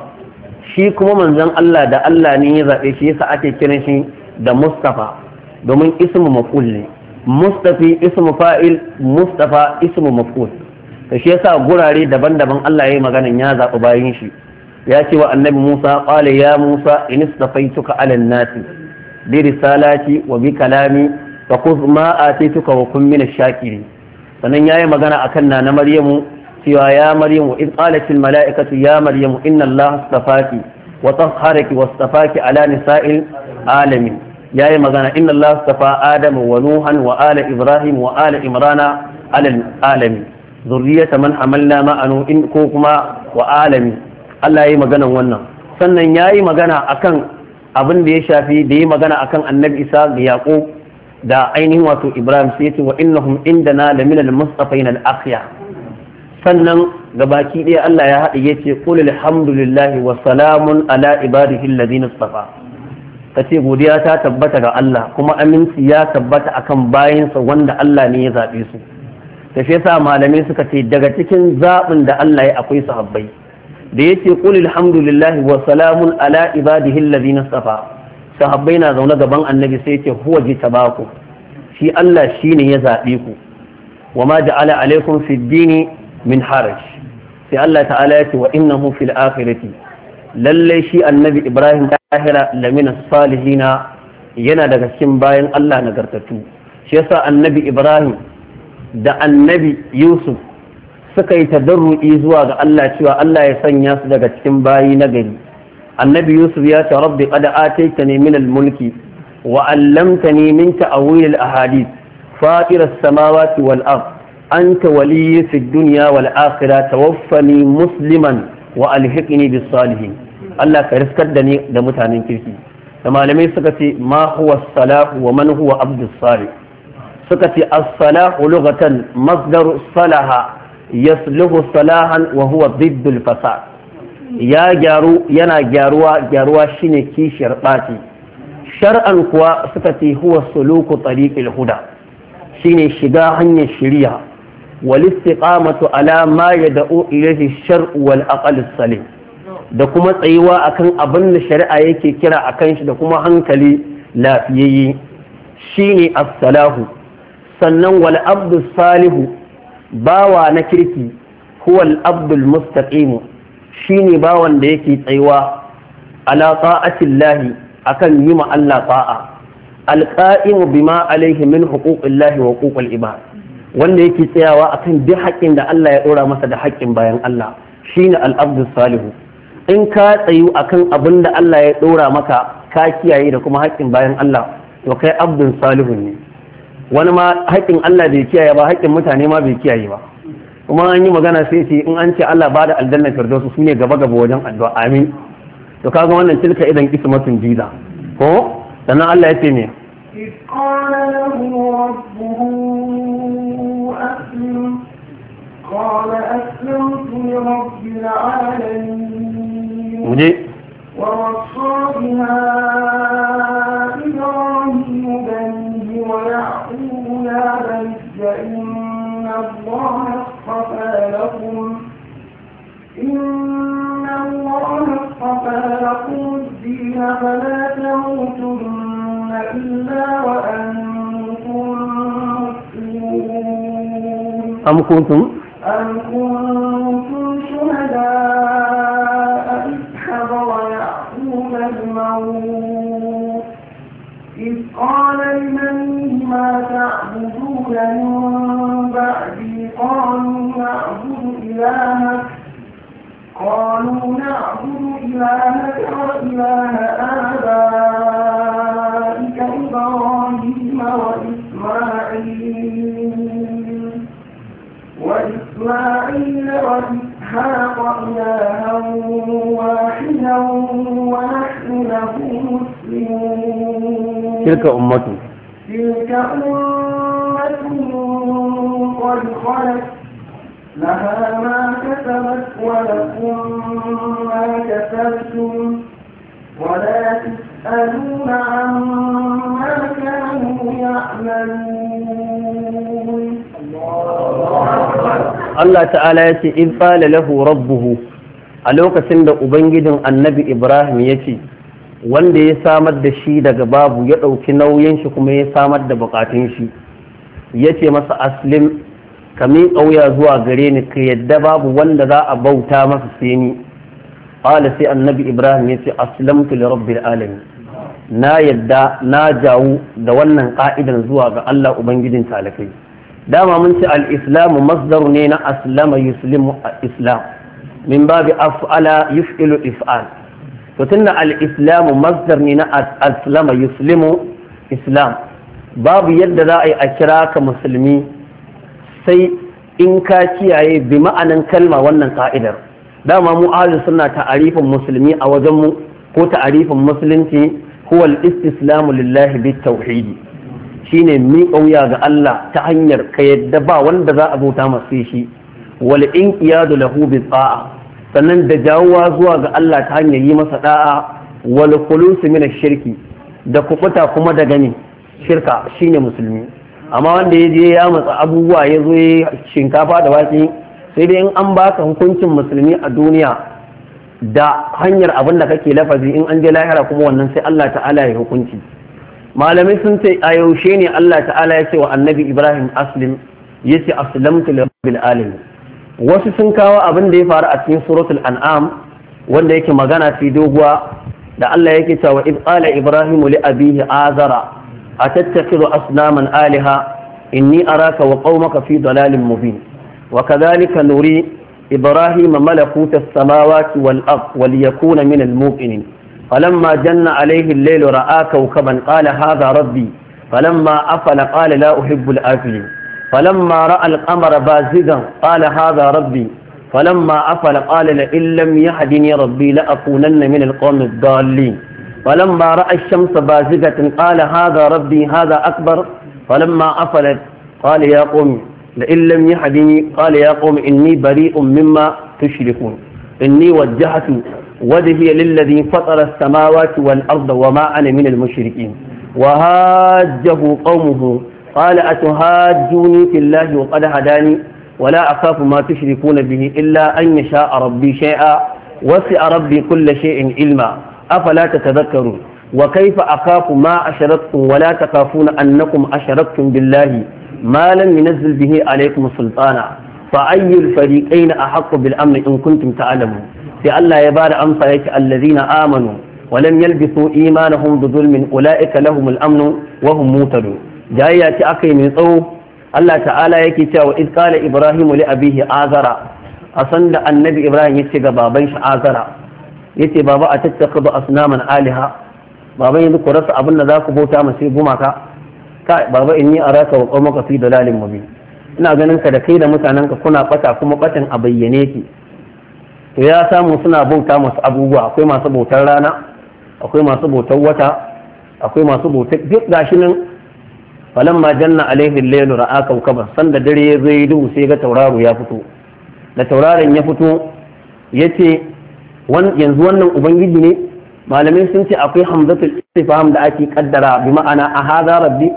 shi kuma manzon Allah da Allah ne ya zabe shi yasa ake kiran shi da Mustafa domin ismu maf'ul ne mustafi ismu fa'il mustafa ismu maf'ul to shi yasa gurare daban-daban Allah ya yi maganan ya zaɓi bayan shi ya ce wa annabi Musa qala ya Musa in istafaituka 'ala an-nasi bi risalati wa bi kalami fa khudh ma atituka wa kun min ash Sannan ya yayi magana akan nana Maryamu cewa ya Maryamu in qalat malaikatu ya Maryamu inna Allah astafaki wa tahharaki wastafaki ala nisa'il alamin yayi magana inna Allah stafa Adam wa Nuhan wa ala Ibrahim wa ala Imrana alal Alami, zurriyata man hamalna ma'anu in ko kuma wa alami Allah yayi magana wannan sannan yayi magana akan abin da ya shafi da yayi magana akan Annabi Isa da Yaqub da ainihin wato Ibrahim sai yace wa innahum indana lamina al-mustafain al-akhya sannan gabaki ɗaya Allah ya haɗa yace qul alhamdulillahi wa salamun ala ibadihi alladhina istafa ka ce godiya ta tabbata ga Allah kuma aminci ya tabbata akan bayansa wanda Allah ne ya zaɓe su da shi yasa malamai suka ce daga cikin zaɓin da Allah ya akwai sahabbai da yake qul alhamdulillah wa salamun ala ibadihi na safa sahabbai na zaune gaban annabi sai ce huwa jitabaku shi Allah shine ya zaɓe ku wa ma ja'ala alaikum fid dini min haraj sai Allah ta'ala ya ce wa innahu fil akhirati Lallai shi annabi ibrahim tahira lamina salihina yana daga cikin bayan allah nagartattu shi yasa annabi ibrahim da annabi yusuf suka yi tadarru'i zuwa ga allah cewa allah ya sanya su daga cikin bayi na gari annabi yusuf ya ce rabbi qad ataitani min al-mulki wa 'allamtani min ta'wil al-ahadith fatir as-samawati wal-ard anta waliyyi fid dunya wal-akhirah tawaffani musliman wa alhiqni bis salihin Allah ka riskar da ni da mutanen kirki da malamai suka ce ma huwa salahu wa man huwa abdus salih suka ce as-salahu lughatan masdaru salaha yasluhu salahan wa huwa diddul fasad ya gyaru yana gyaruwa gyaruwa shine kishiyar ɓaci shar'an kuwa suka ce huwa suluku tariqil huda shine shiga hanyar shiriya والاستقامة على ما يدعو إليه الشرع والأقل السليم da kuma tsayuwa akan abin da shari'a yake kira a kan shi da kuma hankali lafiyayye shine ne salahu sannan wal abdu salihu bawa na kirki huwal al abdu mustaqim shine bawan da yake tsayuwa ala ta'atillahi akan yi Allah ta'a bima alaihi min huquqillahi wa huquqil ibad wanda yake tsayawa akan duk haƙƙin da Allah ya ɗora masa da haƙƙin bayan Allah shine al salihu in ka tsayu akan abin da Allah ya ɗora maka ka kiyaye da kuma haƙƙin bayan Allah to kai abdun salihu ne wani ma haƙƙin Allah bai kiyaye ba haƙƙin mutane ma bai kiyaye ba kuma an yi magana sai ce in an ce Allah ba da aljanna firdausu su ne gaba gaba wajen addu'a amin to kaga wannan tilka idan ismatun jiza ko sannan Allah ya ce me أسلم قال أسلمت لرب العالمين ووصى بها إبراهيم بنيه ويعقوب يا بني إن الله اصطفى لكم إن الله اصطفى لكم الدين فلا تموتن إلا وأنتم أم كنتم أم كنتم شهداء إذ حضر يعقوب الموت إذ قال لمن ما تعبدون من بعدي قالوا نعبد إلهك قالوا نعبد إلهك وإله آبائك إبراهيم وإبراهيم إسماعيل وإسحاق إلها واحدا ونحن له مسلمون تلك أمة تلك أمة قد خلت لها ما كسبت ولكم ما كسبتم ولا تسألون عما كانوا يعملون Allah ta'ala ya ce in fala lahu rabbuhu a lokacin da ubangijin annabi Ibrahim ya ce wanda ya samar da shi daga babu ya ɗauki nauyin shi kuma ya samar da bukatun shi ya ce masa aslim ka ƙauya zuwa gare ni ka yadda babu wanda za a bauta masa sai ni ƙala sai annabi ibrahim ya ce aslamtu li rabbil alamin na yadda na jawo da wannan ƙa'idan zuwa ga allah ubangijin talakai dama mun ce al-islam masdar ne na aslama yuslimu islam min babi af'ala yuf'ilu if'al to tunda al-islam masdar ne na aslama yuslimu islam babu yadda za a yi a kira ka musulmi sai in ka kiyaye bi ma'anan kalma wannan ka'idar dama mu ahli suna ta'arifin musulmi a wajen mu ko ta'arifin musulunci huwa al-istislamu lillahi bit tauhidi shine miƙa wuya ga Allah ta hanyar ka yadda ba wanda za a bauta masu shi wal inqiyadu lahu bi ta'a sannan da jawowa zuwa ga Allah ta hanyar yi masa da'a wal khulus min shirki da kubuta kuma da gani shirka shine musulmi amma wanda ya je ya matsa abubuwa ya zo shinkafa da wake sai dai in an baka hukuncin musulmi a duniya da hanyar abin da kake lafazi in an je lahira kuma wannan sai Allah ta'ala ya hukunci malamai sun ce a yaushe ne Allah ta'ala ya ce wa annabi Ibrahim aslim ya ce aslamtu lirabbil alamin wasu sun kawo abin da ya faru a cikin suratul an'am wanda yake magana fi doguwa da Allah yake cewa id qala ibrahimu li abihi azara atattakhidhu asnaman alaha inni araka wa qaumaka fi dalalin mubin wa kadhalika nuri ibrahim malakuta as-samawati wal ard wa liyakuna min al-muqinin فلما جن عليه الليل رأى كوكبا قال هذا ربي فلما أفل قال لا أحب الآفلين فلما رأى القمر بازغا قال هذا ربي فلما أفل قال لئن لم يهدني ربي لأكونن من القوم الضالين فلما رأى الشمس بازغة قال هذا ربي هذا أكبر فلما أفلت قال يا قوم لئن لم يهدني قال يا قوم إني بريء مما تشركون إني وجهت وجهي للذي فطر السماوات والأرض وما أنا من المشركين وهاجه قومه قال أتهاجوني في الله وقد هداني ولا أخاف ما تشركون به إلا أن يشاء ربي شيئا وسع ربي كل شيء علما أفلا تتذكرون وكيف أخاف ما أشركتم ولا تخافون أنكم أشركتم بالله ما لم ينزل به عليكم سلطانا فأي الفريقين أحق بالأمر إن كنتم تعلمون sai Allah ya bada amsa yake allazina amanu walam yalbisu imanahum bi zulmin ulaika lahumul amnu wa hum mutadun jayya ce akai mai tsawo Allah ta'ala yake cewa id qala ibrahimu li abihi azara asan da annabi ibrahim yace ga baban shi azara yace baba a tattakhadu asnaman aliha baban yanzu ku rasa abin da za ku bauta masa sai gumaka ka baba inni araka wa qaumaka fi dalalin mubin ina ganin ka da kai da mutanen ka kuna bata kuma batan a bayyane ki to ya samu suna bauta masu abubuwa akwai masu bautar rana akwai masu bautar wata akwai masu bautar duk gashi nan ma janna alaihi lailu ra'a san sanda dare ya zo duhu sai ga tauraro ya fito da tauraron ya fito yace yanzu wannan ubangiji ne malamai sun ce akwai hamzatul istifham da ake kaddara bi ma'ana a hadha rabbi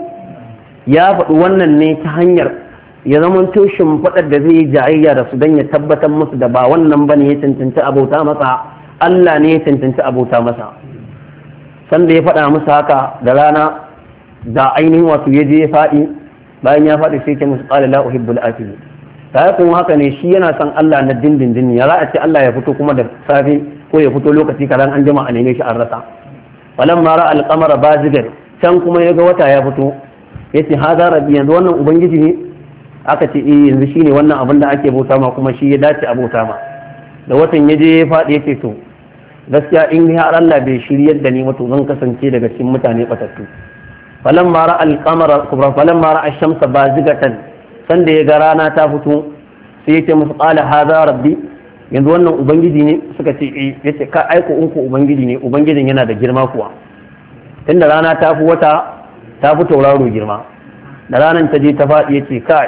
ya faɗi wannan ne ta hanyar ya zaman tushin faɗar da zai yi jayayya da su don ya tabbatar musu da ba wannan ba ne ya cancanci abota masa Allah ne ya cancanci abota masa sanda ya faɗa musu haka da rana da ainihin wato ya je ya faɗi bayan ya faɗi sai ke musu ƙala la uhibbul afil ta kun haka ne shi yana son Allah na dindindin ya za a ce Allah ya fito kuma da safe ko ya fito lokaci karan an jima a neme shi an rasa falamma mara al qamara bazigan can kuma ya ga wata ya fito yace hada rabbi yanzu wannan ubangiji ne aka ce eh yanzu shine wannan abin da ake bauta ma kuma shi ya dace a bauta ma da watan ya je ya faɗi yake to gaskiya in har Allah bai shiryar da ni to zan kasance daga cikin mutane batattu falan mara al kubra falan mara ash-shamsa bazigatan san da ya ga rana ta fito sai yake musu qala hadha rabbi yanzu wannan ubangiji ne suka ce eh yace ka aiko unku ubangiji ne ubangijin yana da girma kuwa tunda rana ta fi wata ta fi tauraro girma da ranar ta je ta faɗi yace ka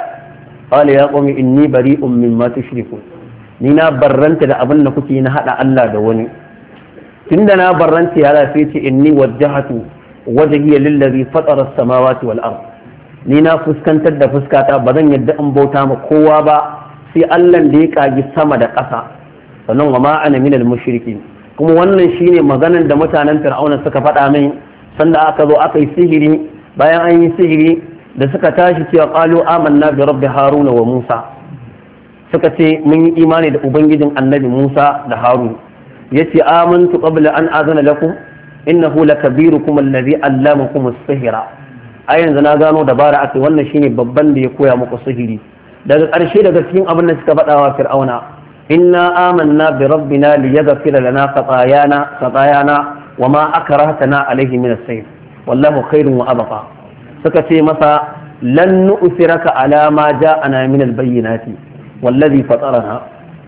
qala ya qawmi inni bari'un mimma tushrikun ni na barranta da abin da kuke na haɗa Allah da wani tunda na barranta ya lafi ce inni wajjahatu wajhiya lillazi fatara as-samawati wal ard ni na fuskantar da fuskata ba zan yadda in bauta ma kowa ba sai Allah da ya kagi sama da ƙasa sannan wa ma ana minal mushrikin kuma wannan shine maganar da mutanen Fir'auna suka faɗa min sanda aka zo aka yi sihiri bayan an yi sihiri da suka tashi cewa qalu amanna bi rabbi haruna wa musa suka ce mun yi imani da ubangijin annabi musa da harun yace amantu qabla an azana lakum innahu lakabirukum alladhi allamakum as-sihra a yanzu na gano dabara ake wannan shine babban da ya koya muku sihiri daga ƙarshe daga cikin abin da suka faɗawa fir'auna inna amanna bi rabbina liyaghfira lana khatayana khatayana wa ma akrahtana alayhi min as-sayr wallahu khairun wa abqa suka ce masa lan nu'siraka ala ma ja'ana min al-bayyinati wallazi fatarana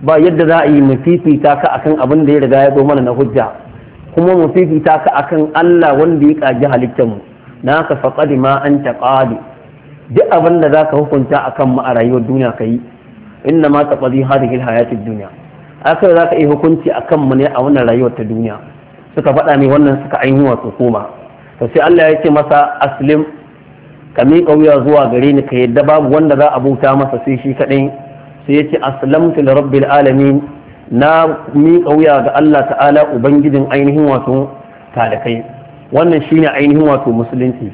ba yadda za a yi mu fifita ka akan abin da ya riga ya zo mana na hujja kuma mu fifita ka akan Allah wanda ya kaji halittar mu na ka faqad ma anta qadi duk abin da zaka hukunta akan mu a rayuwar duniya kai inna ma taqdi hadhihi al-hayati ad-dunya akai zaka yi hukunci akan mu ne a wannan rayuwar ta duniya suka faɗa ne wannan suka ainihi wasu koma to sai Allah ya ce masa aslim ka miƙa wuya zuwa gare ni ka yadda babu wanda za a bauta masa sai shi kaɗai sai ya ce aslamtu li rabbil alamin na miƙa wuya ga Allah ta'ala ubangijin ainihin wato kai. wannan shine ainihin wato musulunci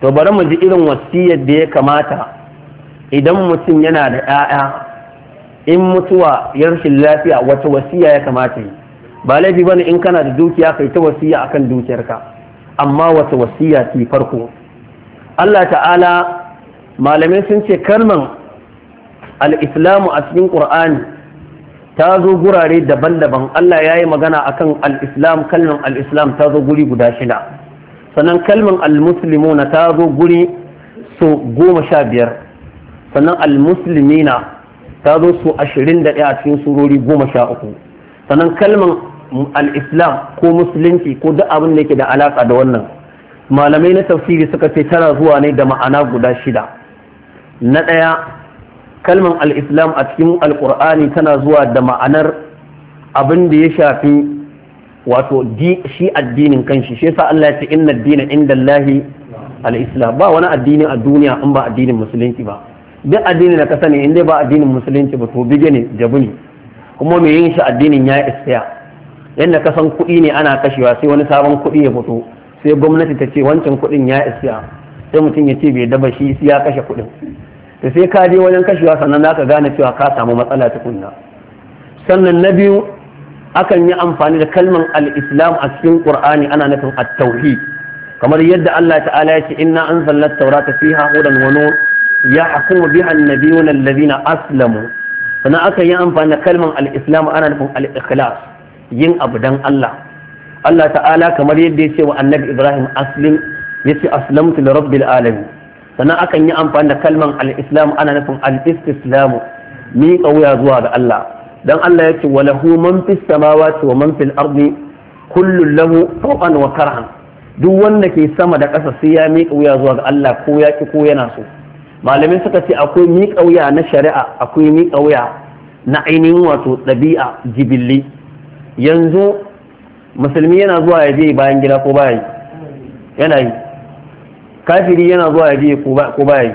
to bari mu ji irin wasiyar da ya kamata idan mutum yana da 'ya'ya in mutuwa ya rashin lafiya wata wasiya ya kamata yi ba laifi bane in kana da dukiya kai ta wasiya akan dukiyarka amma wata wasiya ce farko Allah ta'ala malamai sun ce kalman al-islamu a cikin ƙur'ani ta zo gurare daban-daban Allah ya yi magana akan al-islam kalman al-islam ta zo guri guda shida sannan kalman al na ta zo guri so goma sha biyar sannan al na ta zo so ashirin da ɗaya a cikin surori goma sha uku sannan kalman al-islam ko musulunci ko duk abin da yake da alaƙa da wannan malamai na tafsiri suka ce tana zuwa ne da ma'ana guda shida na ɗaya kalman al'islam a cikin alƙur'ani tana zuwa da ma'anar abin da ya shafi wato shi addinin kanshi shi yasa Allah ya ce inna addina inda Allahi al'islam ba wani addini a duniya in ba addinin musulunci ba duk addini da ka sani in dai ba addinin musulunci ba to bige ne jabu ne kuma mai yin shi addinin ya isa yadda ka san kuɗi ne ana kashewa sai wani sabon kuɗi ya fito sai gwamnati ta ce wancan kuɗin ya isa sai mutum ya ce bai daba shi ya kashe kuɗin da sai ka je wajen kashewa sannan za ka gane cewa ka samu matsala tukunna sannan na biyu akan yi amfani da kalman al-islam a cikin qur'ani ana nufin at-tauhid kamar yadda Allah ta'ala ya ce inna anzalna at-taurata fiha hudan wa nur yahkumu biha an-nabiyuna alladhina aslamu sannan aka yi amfani da kalman al-islam ana nufin al-ikhlas yin abu dan Allah Allah ta'ala kamar yadda ya ce wa annabi Ibrahim aslim ya ce aslamtu li rabbil alamin sannan akan yi amfani da kalman al-islam ana nufin al-istislamu mi kauya zuwa ga Allah dan Allah ya ce wa lahu man fis samawati wa man fil ardi kullun lahu taw'an wa karhan duk wanda ke sama da ƙasa sai ya miƙa wuya zuwa ga Allah ko ya ki ko yana so malamai suka ce akwai miƙa wuya na shari'a akwai miƙa wuya na ainihin wato ɗabi'a jibilli yanzu musulmi yana zuwa ya je bayan gida ko baya yana yi kafiri yana zuwa ya je ko baya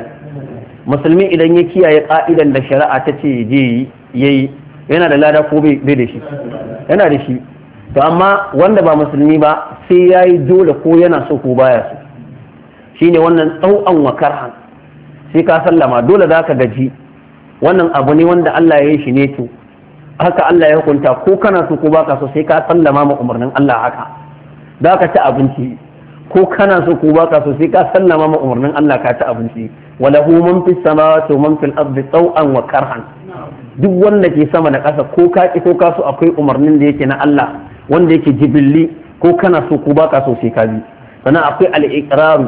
musulmi idan ya kiyaye ka'idan da shari'a ta ce je yi yayi yana da lada ko bai da shi yana da shi to amma wanda ba musulmi ba sai ya yi dole ko yana so ko baya so shine wannan tsau'an wa karhan sai ka sallama dole za ka gaji wannan abu ne wanda Allah ya yi shi ne to haka Allah ya hukunta ko kana so ko baka so sai ka sallama ma umarnin Allah haka da ka ci abinci ko kana so ko baka so sai ka sallama ma umarnin Allah ka ci abinci Wala hu man fis samawati man fil ardi taw'an wa karhan duk wanda ke sama da ƙasa ko ka ki ko ka so akwai umarnin da yake na Allah wanda yake jibilli ko kana so ko baka so sai ka bi sannan akwai al-iqrar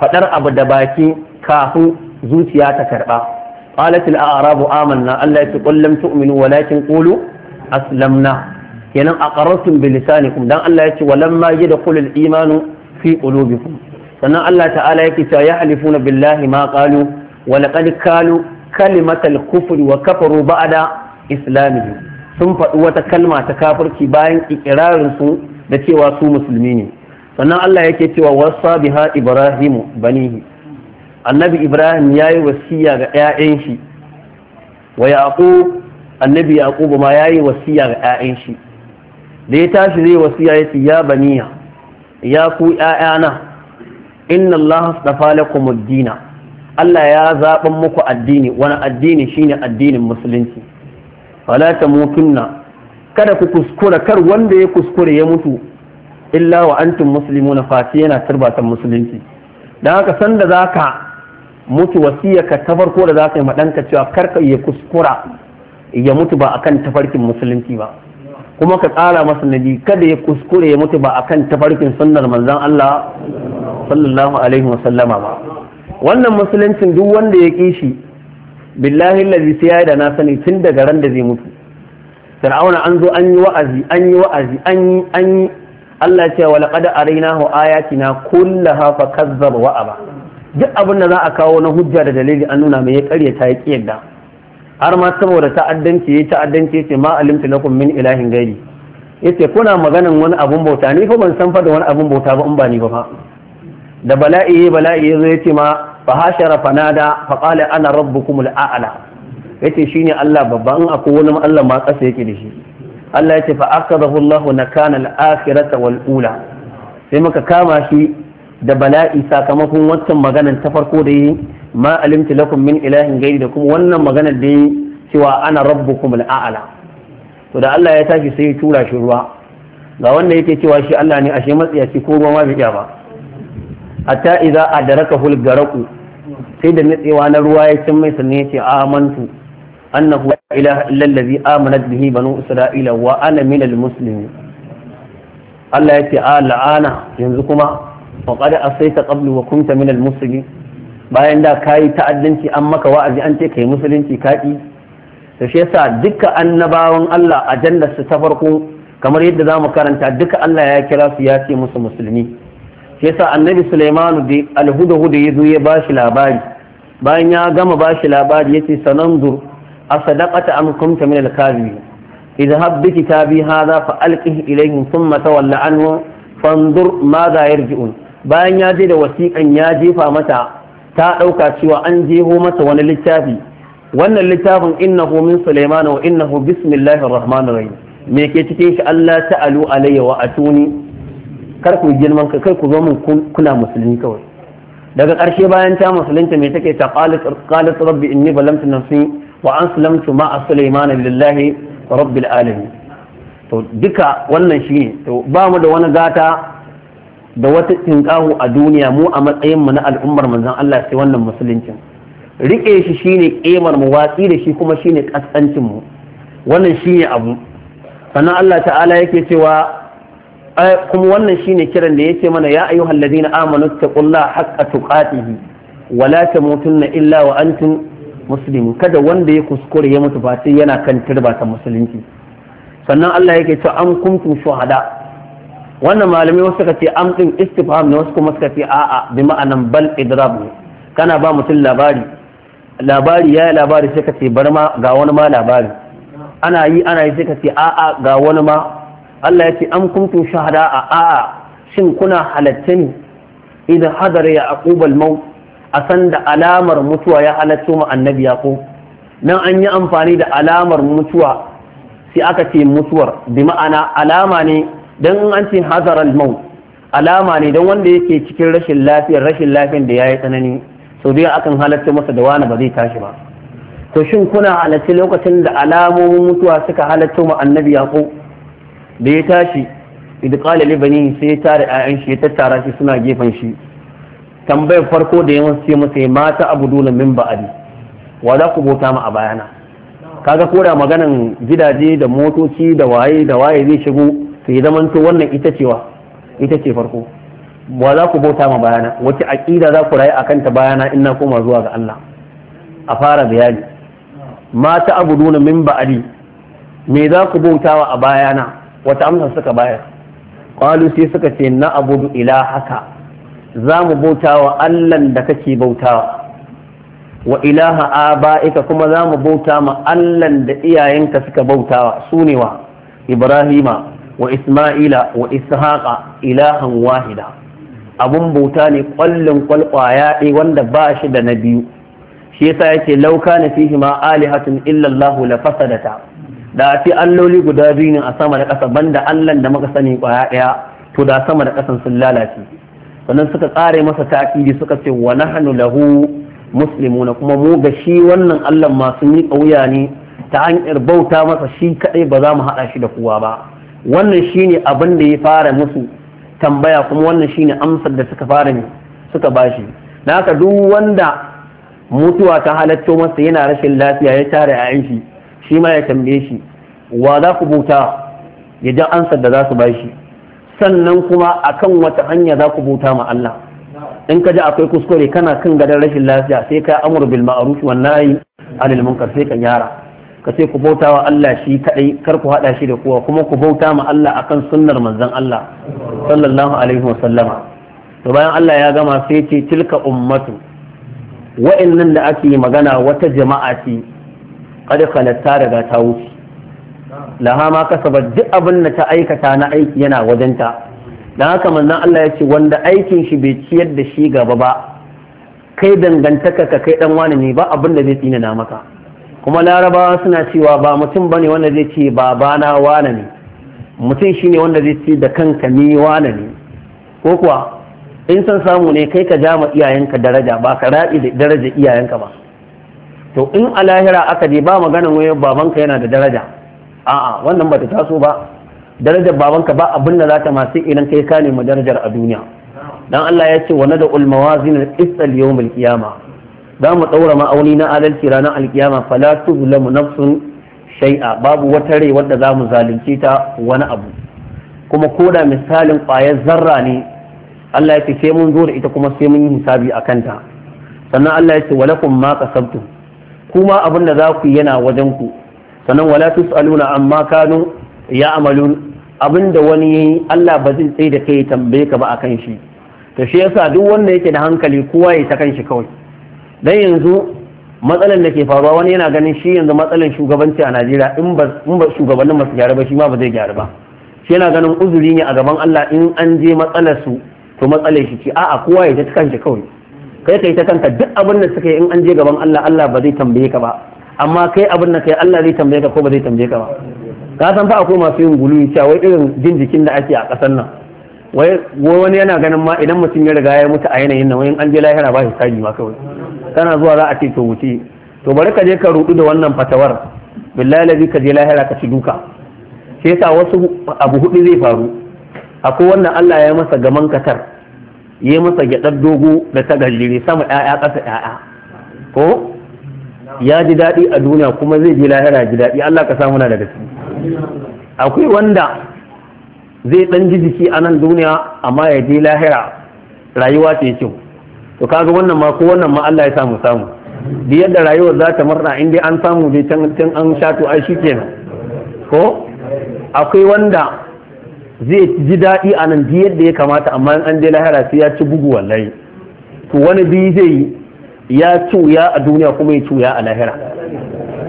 fadar abu da baki kafin zuciya ta karba qalat al a'rabu na Allah ya ce qul lam tu'minu walakin qulu aslamna kenan aqarrtum bi lisanikum dan Allah ya ce walamma da al imanu fi qulubikum sannan Allah ta'ala yake cewa yahlifuna billahi ma qalu wa laqad kalu kalimatal kufri wa kafaru da islamihim sun faɗi wata kalma ta kafarki bayan su da cewa su musulmi ne sannan Allah yake cewa wasa biha ibrahimu banihi annabi ibrahim ya yi wasiya ga 'ya'yan shi wa yaqub annabi yaqub ma ya yi wasiya ga 'ya'yan shi da ya tashi zai wasiya ya ce ya baniya ya ku 'ya'yana inna allaha astafa lakum ad-dina Allah ya zaɓan muku addini wani addini shine addinin musulunci fala tamutunna kada ku kuskura kar wanda ya kuskure ya mutu illa wa antum muslimuna fati yana turbatan musulunci dan haka sanda zaka mutu ka ta farko da za ka yi maɗanka cewa karka ya kuskura ya mutu ba akan tafarkin musulunci ba kuma ka tsara masa nabi kada ya kuskure ya mutu ba akan tafarkin sunnar manzon Allah sallallahu alaihi wa ba wannan musuluncin duk wanda ya ƙi shi billahi allazi sai ya da na sani tun daga ran da zai mutu fir'auna an zo an yi wa'azi an yi wa'azi an yi an yi Allah ya ce wa laqad araynahu ayatina kullaha fakazzaba wa aba duk abin da za a kawo na hujja da dalili an nuna mai ya karya ta yi kiyarda har ma saboda ta'addanci ya ta'addanci ce ma alimta na min ilahin gairi yace kuna maganin wani abun bauta ni fa ban san fa da wani abun bauta ba in ba ni ba fa da bala'i ya bala'i ya ce ma fa hashara fanada fa qala ana Ya a'la yace shine Allah babba in akwai wani Allah ma kasa yake da shi Allah yace fa akadahu Allah nakana al-akhirata wal ula sai muka kama shi da bala'i sakamakon wancan maganar ta farko da yi ma alimtu lakum min ilahin gairi da kuma wannan maganar da yi cewa ana rabbukum al'ala to da Allah ya tashi sai ya tura shi ruwa ga wanda yake cewa shi Allah ne ashe matsiyaci ko ruwa ma bai ba hatta idza adrakahu al-garaku sai da nitsewa na ruwa ya cin mai sanne ya ce amantu annahu la ilaha illa allazi amanat bihi banu isra'ila wa ana minal muslimin Allah ya ce a la'ana yanzu kuma wa qad asaita qablu wa kunta min bayan da kayi ta'addanci an maka wa'azi an ce yi musulunci kaɗi da shi yasa duka annabawan Allah a su ta farko kamar yadda zamu karanta duka Allah ya kira su ya ce musu musulmi shi yasa annabi Sulaimanu da alhudahuda ya zo ya bashi labari bayan ya gama bashi labari yace sananzur asadaqata am kunta min al biki ta bi haza hadha fa alqih ilayhim thumma tawalla anhu fanzur madha yarji'un bayan ya je da wasiƙan ya jefa mata ta ɗauka cewa an jeho mata wani littafi wannan littafin innahu min sulaimana wa innahu bismillahir rahmanir rahim me ke cikin shi Allah ta'alu alayya wa atuni kar ku girman ka kai ku zo mun kuna musulmi kawai daga ƙarshe bayan ta musulunta me take ta qalat rabbi inni balamtu nafsi wa aslamtu ma'a sulaimana lillahi rabbil alamin to duka wannan shi to ba mu da wani gata da wata tinkahu a duniya mu a matsayin mu na al'ummar manzon Allah sai wannan musuluncin rike shi shine kemar mu watsi da shi kuma shine kaskancin mu wannan shine abu sannan Allah ta'ala yake cewa kuma wannan shine kiran da yake mana ya ayyuhal ladina amanu taqullaha haqqa tuqatihi wa la tamutunna illa wa antum muslimun kada wanda ya kuskure ya mutu ba sai yana kan tirba ta musulunci sannan Allah yake cewa an kuntum shuhada wannan malami wasu suka ce am istifham ne wasu kuma suka ce a'a bi ma'anan bal idrab ne kana ba mutum labari labari ya labari sai ka ce bar ma ga wani ma labari ana yi ana yi sai ka ce a'a ga wani ma Allah ya ce an kuntum shahada a a'a shin kuna halatta ne idan hadara ya aqubal maut a san da alamar mutuwa ya halatto ma annabi yaqub nan an yi amfani da alamar mutuwa sai aka ce mutuwar bi ma'ana alama ne don an ce hazar mau, alama ne don wanda yake cikin rashin lafiyar rashin lafiyar da ya yi tsanani sau da akan halatta masa da wani ba zai tashi ba to shin kuna halarci lokacin da alamomin mutuwa suka halatta mu annabi yaqo da ya tashi idan qala bani sai ya tare ayan shi ya tattara shi suna gefen shi tambayar farko da yawan sai masa mata Abu abuduna min ba'adi wa za ku bota mu a bayana kaga koda maganan gidaje da motoci da waye da waye zai shigo to ya zamanto wannan ita cewa ita ce farko wa za ku bauta ma bayana wace aƙida za ku rayu a ta bayana in na koma zuwa ga Allah a fara bayani ma ta abuduna min ba'ali me za ku bautawa a bayana wata amsa suka bayar qalu sai suka ce na abudu ilahaka za mu bautawa Allahn da kake bautawa wa ilaha aba'ika kuma za mu bauta ma Allahn da iyayenka suka bautawa su ne wa Ibrahima wa isma'ila wa ishaqa ilahan wahida abun bauta ne kwallon kwalkwaya ɗaya wanda ba shi da na biyu shi yasa yake lauka na fihi illallahu la da a ce alloli guda biyu ne a sama da ƙasa banda allan da muka sani kwaya ɗaya to da sama da ƙasan sun lalace sannan suka tsare masa ta'kidi suka ce wa nahnu lahu muslimuna kuma mu ga shi wannan allan masu miƙa wuya ne ta hanyar bauta masa shi kaɗai ba za mu haɗa shi da kowa ba wannan shine abin da ya fara musu tambaya kuma wannan shine amsar da suka fara ne suka bashi na haka duk wanda mutuwa ta halatto masa yana rashin lafiya ya tare a shi shi ma ya tambaye shi wa za ku bauta ya ji amsar da za su bashi sannan kuma akan wata hanya za ku bauta ma Allah in ka ji akwai kuskure kana kan gadon rashin lafiya sai ka amur bil ma'ruf wan nahi anil munkar sai ka gyara ka ce ku bauta wa Allah shi kadai kar ku hada shi da kowa kuma ku bauta ma Allah akan sunnar manzon Allah sallallahu alaihi wa sallama to bayan Allah ya gama sai ce tilka ummatu wa'annan da ake magana wata jama'a ce kad khalata daga ta wuce laha ma kasaba duk abin da ta aikata na aiki yana wajenta dan haka manzon Allah ya ce wanda aikin shi bai ciyar da shi gaba ba kai dangantaka ka kai dan wani ne ba abin da zai tsina maka kuma larabawa suna cewa ba mutum bane wanda zai ce babana wane ne mutum shine wanda zai ce da kanka ni wane ne ko kuwa in san samu ne kai ka jama iyayenka daraja ba ka raɗi da daraja iyayenka ba to in a lahira aka je ba maganin wani babanka yana da daraja a'a wannan bata taso ba darajar babanka ba abin da za ta masu idan kai ka nemi darajar a duniya dan Allah ya ce wa da Ulmawa al-qist al za mu ɗaura ma'auni na adalci ranar alkiyama fala tuzlamu nafsun shai'a babu wata rai wadda za mu zalunce ta wani abu kuma koda misalin ƙwayar zarra ne Allah ya ce sai mun zo da ita kuma sai mun yi hisabi a kanta sannan Allah ya ce walakum ma kasabtum kuma abin da za ku yana wajen ku sannan wala tusaluna amma kanu ya amalun abin da wani yayi Allah ba zai tsaye da kai tambaye ka ba akan shi to shi yasa duk wanda yake da hankali kowa ya ta kan shi kawai dan yanzu matsalar da ke faruwa wani yana ganin shi yanzu matsalar shugabanci a Najeriya in ba shugabannin masu gyara ba shi ma ba zai gyara ba shi yana ganin uzuri ne a gaban Allah in an je matsalar su to matsalar shi ce a'a kowa ya ta kanshi kawai kai kai ta kanka duk abin da suka yi in an je gaban Allah Allah ba zai tambaye ka ba amma kai abin da kai Allah zai tambaye ka ko ba zai tambaye ka ba ka san fa akwai masu yin gulu cewa wai irin jin jikin da ake a ƙasar nan wai wani yana ganin ma idan mutum ya riga ya mutu a yanayin nan wai in an je lahira ba shi taji ma kawai kana zuwa za a ce to wuce to bari ka je ka rudu da wannan fatawar billahi ladhi ka je lahira ka ci duka sai yasa wasu abu hudu zai faru akwai wannan Allah ya masa gaman katar ya masa gyadar dogo da ta sama ƴaƴa ƙasa ƴaƴa ko ya ji daɗi a duniya kuma zai ji lahira ji daɗi Allah ka samu na daga ciki akwai wanda zai ɗan ji jiki a nan duniya amma ya je lahira rayuwa ce kyau to kaga wannan ma ko wannan ma Allah ya samu samu bi yadda rayuwar za ta marna in dai an samu dai can can an sha to ai shikenan ko akwai wanda zai ji daɗi a nan bi yadda ya kamata amma in an je lahira sai ya ci bugu wallahi to wani biyu zai yi ya cuya a duniya kuma ya cuya a lahira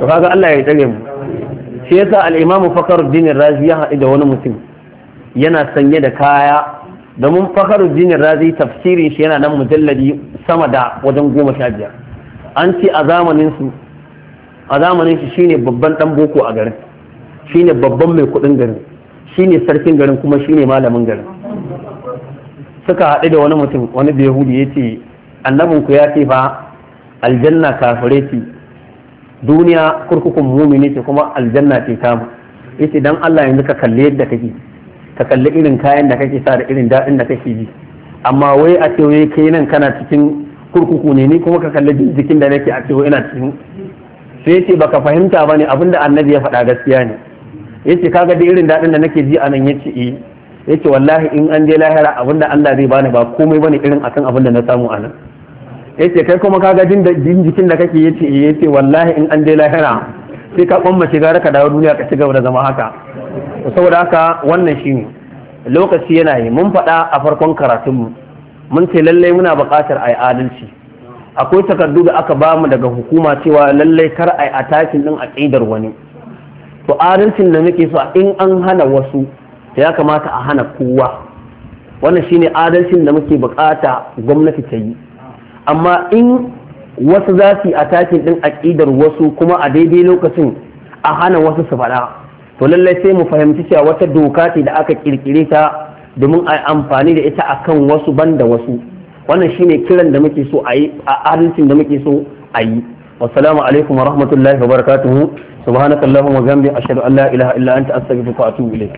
to kaga Allah ya tsare mu shi yasa al-Imam Fakhruddin Razi ya haɗu da wani mutum yana sanye da kaya domin jinin razi tafsirin shi yana nan mujalladi sama da wajen goma sha biyar an ce a zamanin su shi shine babban dan boko a garin shine babban mai kudin garin shine sarkin garin kuma shine malamin garin suka haɗu da wani mutum wani da yahudi ya ce annabinku ya ce fa aljanna kafare ce duniya kurkukun mumini ce kuma aljanna ce ya ce dan Allah yanzu ka kalli yadda kake ka kalli irin kayan da kake sa da irin daɗin da kake ji amma wai a ce wai nan kana cikin kurkuku ne ni kuma ka kalli jikin da nake a ce wai ina cikin sai ce baka fahimta ba ne abinda annabi ya faɗa gaskiya ne yace kaga da irin daɗin da nake ji a nan yace eh yace wallahi in an je lahira abinda Allah zai bani ba komai bane irin akan abinda na samu a nan yace kai kuma kaga jin jikin da kake yace eh. yace wallahi in an je lahira sai ka kwamma shiga ka dawo duniya ka ci gaba da zama haka saboda haka wannan shi lokaci yana yi mun faɗa a farkon karatunmu mun ce lallai muna buƙatar a yi adalci akwai takardu da aka ba mu daga hukuma cewa lallai kar a yi a takin ɗin a ƙidar wani to adalcin da muke so in an hana wasu ya kamata a hana kowa wannan shi ne adalcin da muke buƙata gwamnati ta yi amma in wasu za su yi a atakin ɗin a ƙidar wasu kuma a daidai lokacin a hana wasu su faɗa to lallai sai mu fahimci cewa wata doka ce da aka kirkire ta domin a amfani da ita akan wasu da wasu wannan shine kiran da muke so a yi a adalcin da muke so a yi wassalamu alaikum wa rahmatullahi wa barakatuhu subhanakallahumma wa bihamdika ashhadu an la ilaha illa anta astaghfiruka wa atubu ilayk